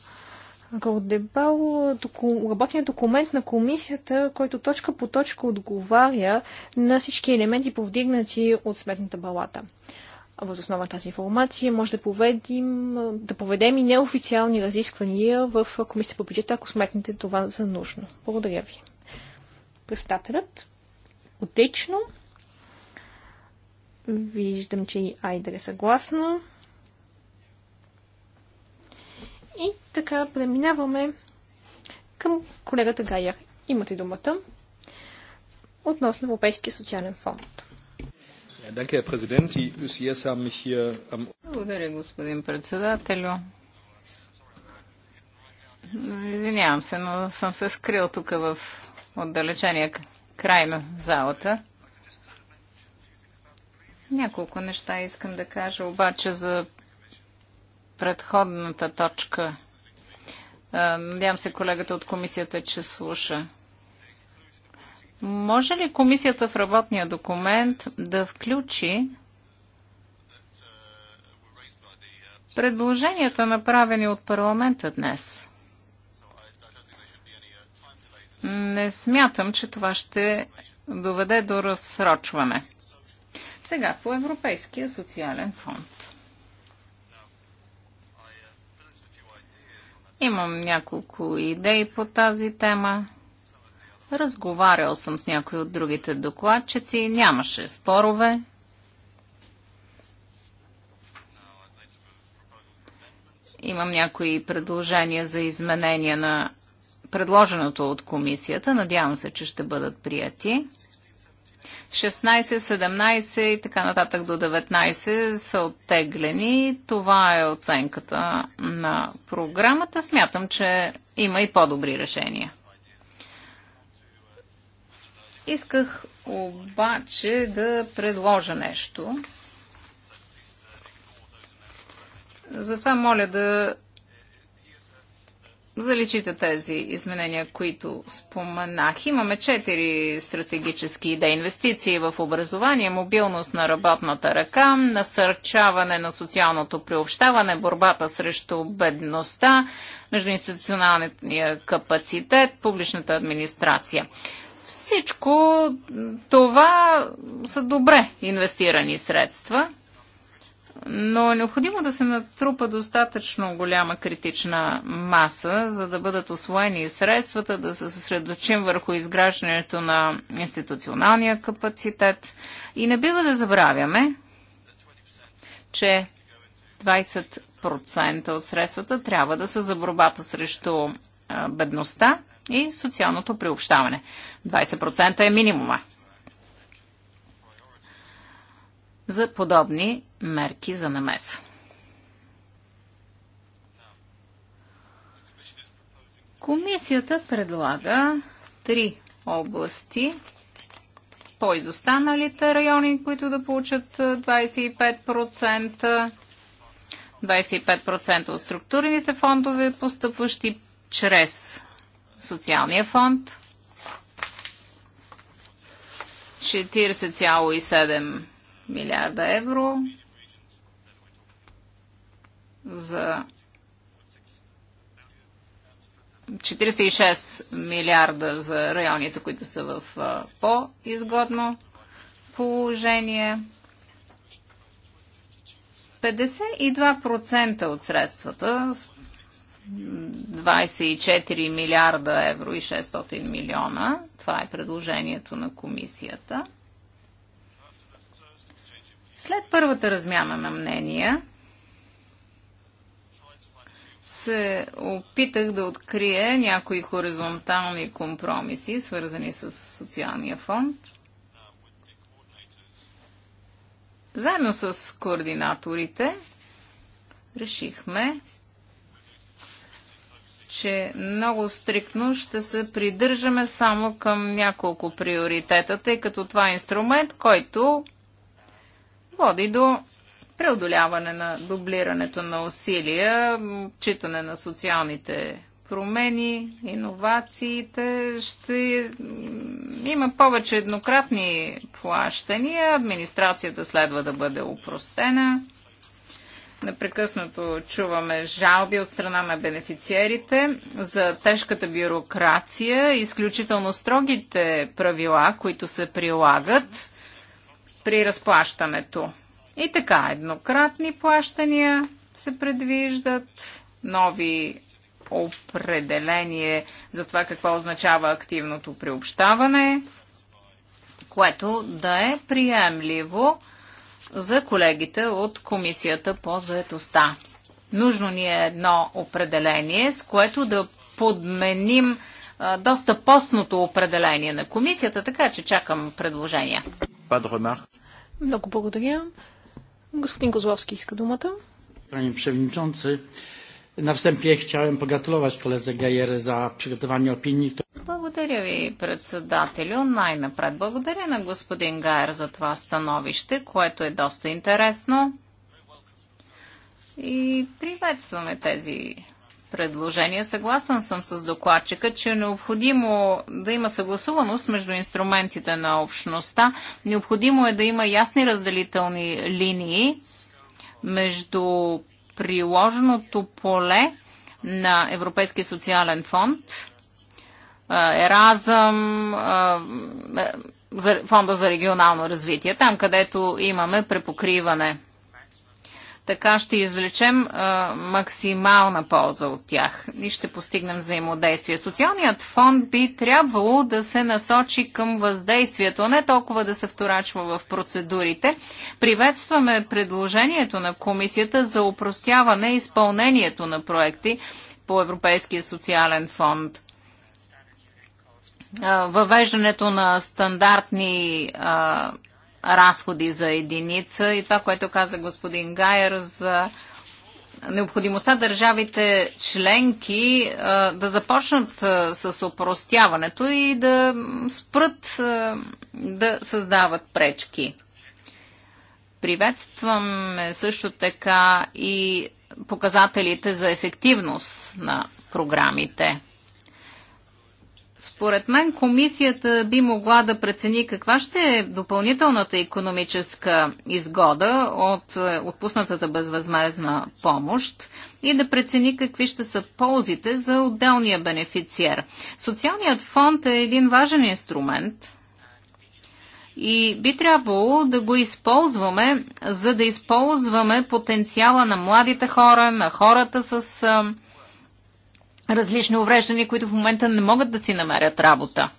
Гордебал доку, работният документ на комисията, който точка по точка отговаря на всички елементи, повдигнати от сметната балата. Въз основа тази информация може да, поведим, да поведем и неофициални разисквания в комисията по бюджета, ако сметнете това за нужно. Благодаря ви. Председателят отлично. Виждам, че и Айдер е съгласна. И така преминаваме към колегата Гайер. Имате думата относно Европейския социален фонд. Благодаря, господин председателю. Извинявам се, но съм се скрил тук в отдалечения край на залата. Няколко неща искам да кажа обаче за предходната точка. Надявам се колегата от комисията, че слуша. Може ли комисията в работния документ да включи предложенията, направени от парламента днес? Не смятам, че това ще доведе до разсрочване. Сега по Европейския социален фонд. Имам няколко идеи по тази тема. Разговарял съм с някои от другите докладчици, нямаше спорове. Имам някои предложения за изменения на предложеното от комисията. Надявам се, че ще бъдат прияти. 16, 17 и така нататък до 19 са оттеглени. Това е оценката на програмата. Смятам, че има и по-добри решения. Исках обаче да предложа нещо. Затова моля да заличите тези изменения, които споменах. Имаме четири стратегически идеи. Инвестиции в образование, мобилност на работната ръка, насърчаване на социалното приобщаване, борбата срещу бедността, междуинституционалния капацитет, публичната администрация. Всичко това са добре инвестирани средства – но е необходимо да се натрупа достатъчно голяма критична маса, за да бъдат освоени средствата, да се съсредочим върху изграждането на институционалния капацитет. И не бива да забравяме, че 20% от средствата трябва да са за борбата срещу бедността и социалното приобщаване. 20% е минимума. за подобни мерки за намеса. Комисията предлага три области по изостаналите райони, които да получат 25%, 25% от структурните фондове, постъпващи чрез социалния фонд, 40,7% милиарда евро за 46 милиарда за районите, които са в по-изгодно положение. 52% от средствата, 24 милиарда евро и 600 милиона, това е предложението на комисията – след първата размяна на мнения, се опитах да открия някои хоризонтални компромиси, свързани с социалния фонд. Заедно с координаторите решихме, че много стриктно ще се придържаме само към няколко приоритета, тъй като това е инструмент, който води до преодоляване на дублирането на усилия, читане на социалните промени, иновациите, ще има повече еднократни плащания, администрацията следва да бъде упростена. Непрекъснато чуваме жалби от страна на бенефициерите за тежката бюрокрация, изключително строгите правила, които се прилагат при разплащането. И така, еднократни плащания се предвиждат, нови определение за това какво означава активното приобщаване, което да е приемливо за колегите от Комисията по заедостта. Нужно ни е едно определение, с което да подменим доста постното определение на комисията, така че чакам предложения. Много благодаря. Господин Козловски иска думата. Panie Przewodniczący, na wstępie chciałem pogratulować колеза Гайер за przygotowanie opinii. Благодаря ви, председателю. Най-напред благодаря на господин Гайер за това становище, което е доста интересно. И приветстваме тези предложение. Съгласен съм с докладчика, че е необходимо да има съгласуваност между инструментите на общността. Необходимо е да има ясни разделителни линии между приложеното поле на Европейския социален фонд, Еразъм, е, Фонда за регионално развитие, там където имаме препокриване – така ще извлечем а, максимална полза от тях и ще постигнем взаимодействие. Социалният фонд би трябвало да се насочи към въздействието, не толкова да се вторачва в процедурите. Приветстваме предложението на комисията за упростяване изпълнението на проекти по Европейския социален фонд въвеждането на стандартни а, разходи за единица и това, което каза господин Гайер за необходимостта държавите членки а, да започнат а, с опростяването и да спрат а, да създават пречки. Приветстваме също така и показателите за ефективност на програмите. Според мен комисията би могла да прецени каква ще е допълнителната економическа изгода от е, отпуснатата безвъзмезна помощ и да прецени какви ще са ползите за отделния бенефициер. Социалният фонд е един важен инструмент и би трябвало да го използваме, за да използваме потенциала на младите хора, на хората с е, различни увреждания, които в момента не могат да си намерят работа.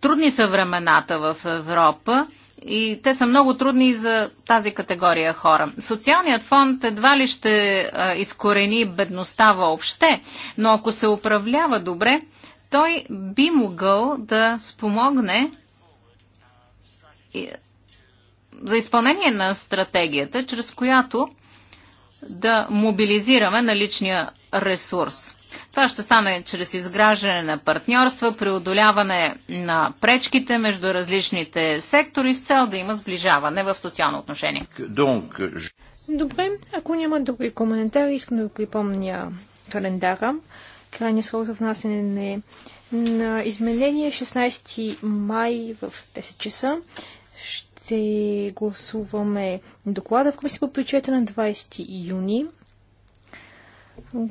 Трудни са времената в Европа и те са много трудни за тази категория хора. Социалният фонд едва ли ще изкорени бедността въобще, но ако се управлява добре, той би могъл да спомогне за изпълнение на стратегията, чрез която да мобилизираме наличния ресурс. Това ще стане чрез изграждане на партньорства, преодоляване на пречките между различните сектори с цел да има сближаване в социално отношение. Добре, ако няма други коментари, искам да ви припомня календара. Крайният срок за внасяне на изменение 16 е май в 10 часа. Ще гласуваме доклада в комисия по бюджета на 20 юни.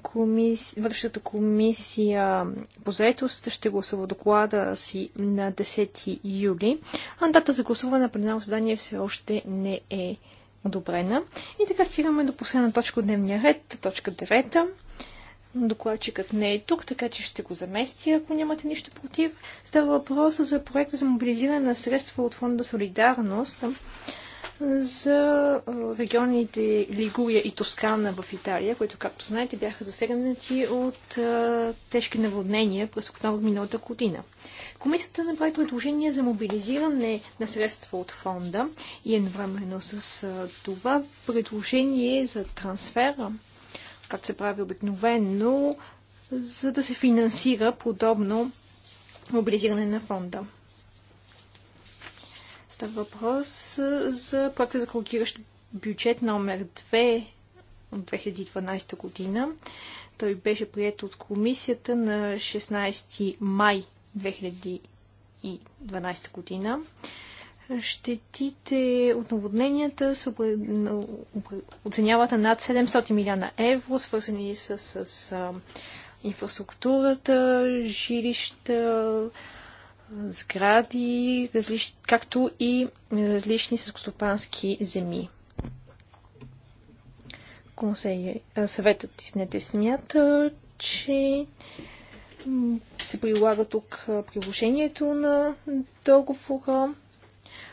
Комис... Вършата комисия по заетост ще гласува доклада си на 10 юли, а дата за гласуване на пленарно задание все още не е одобрена. И така стигаме до последна точка от дневния ред, точка 9. Докладчикът не е тук, така че ще го замести, ако нямате нищо против. Става въпроса за проекта за мобилизиране на средства от фонда Солидарност за регионите Лигурия и Тоскана в Италия, които, както знаете, бяха засегнати от тежки наводнения през октомври миналата година. Комисията направи предложение за мобилизиране на средства от фонда и едновременно с това предложение за трансфера, както се прави обикновено, за да се финансира подобно мобилизиране на фонда. Става въпрос за проекта за коригиращ бюджет номер 2 от 2012 година. Той беше прият от комисията на 16 май 2012 година. Щетите от наводненията се оценяват на над 700 милиона евро, свързани с, с, с инфраструктурата, жилища, сгради, различ... както и различни съскостопански земи. Съветът извинете, смята, че се прилага тук приложението на договора,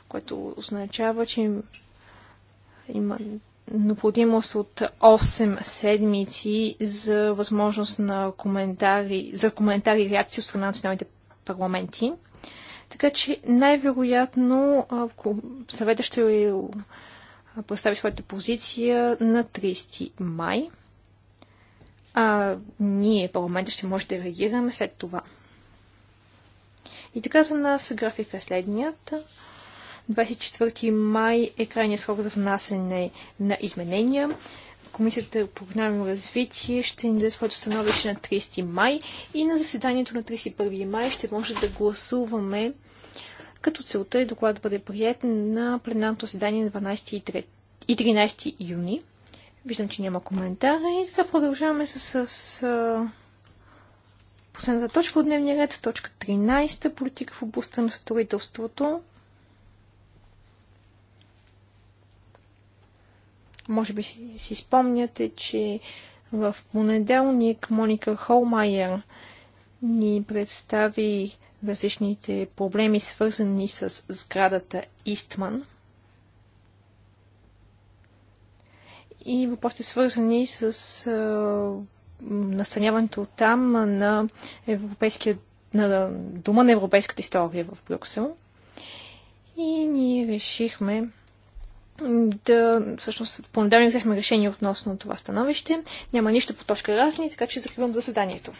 което означава, че има необходимост от 8 седмици за възможност на коментари, за коментари и реакции от страна на националните парламенти. Така че най-вероятно съвета ще представи своята позиция на 30 май. А ние, парламента, ще може да реагираме след това. И така за нас графика е следният. 24 май е крайният срок за внасене на изменения. Комисията по програмно развитие ще ни даде своето становище на 30 май и на заседанието на 31 май ще може да гласуваме като целта е доклад да бъде прият на пленарното заседание на 12 и 13 юни. Виждам, че няма коментари. И така продължаваме с, с, с последната точка от дневния ред, точка 13, политика в областта на строителството. Може би си, си спомняте, че в понеделник Моника Холмайер ни представи различните проблеми, свързани с сградата Истман. И въпросите свързани с а, настаняването там на, европейския, на Дома на европейската история в Брюксел. И ние решихме да, всъщност в понеделник взехме решение относно това становище. Няма нищо по точка разни, така че закривам заседанието.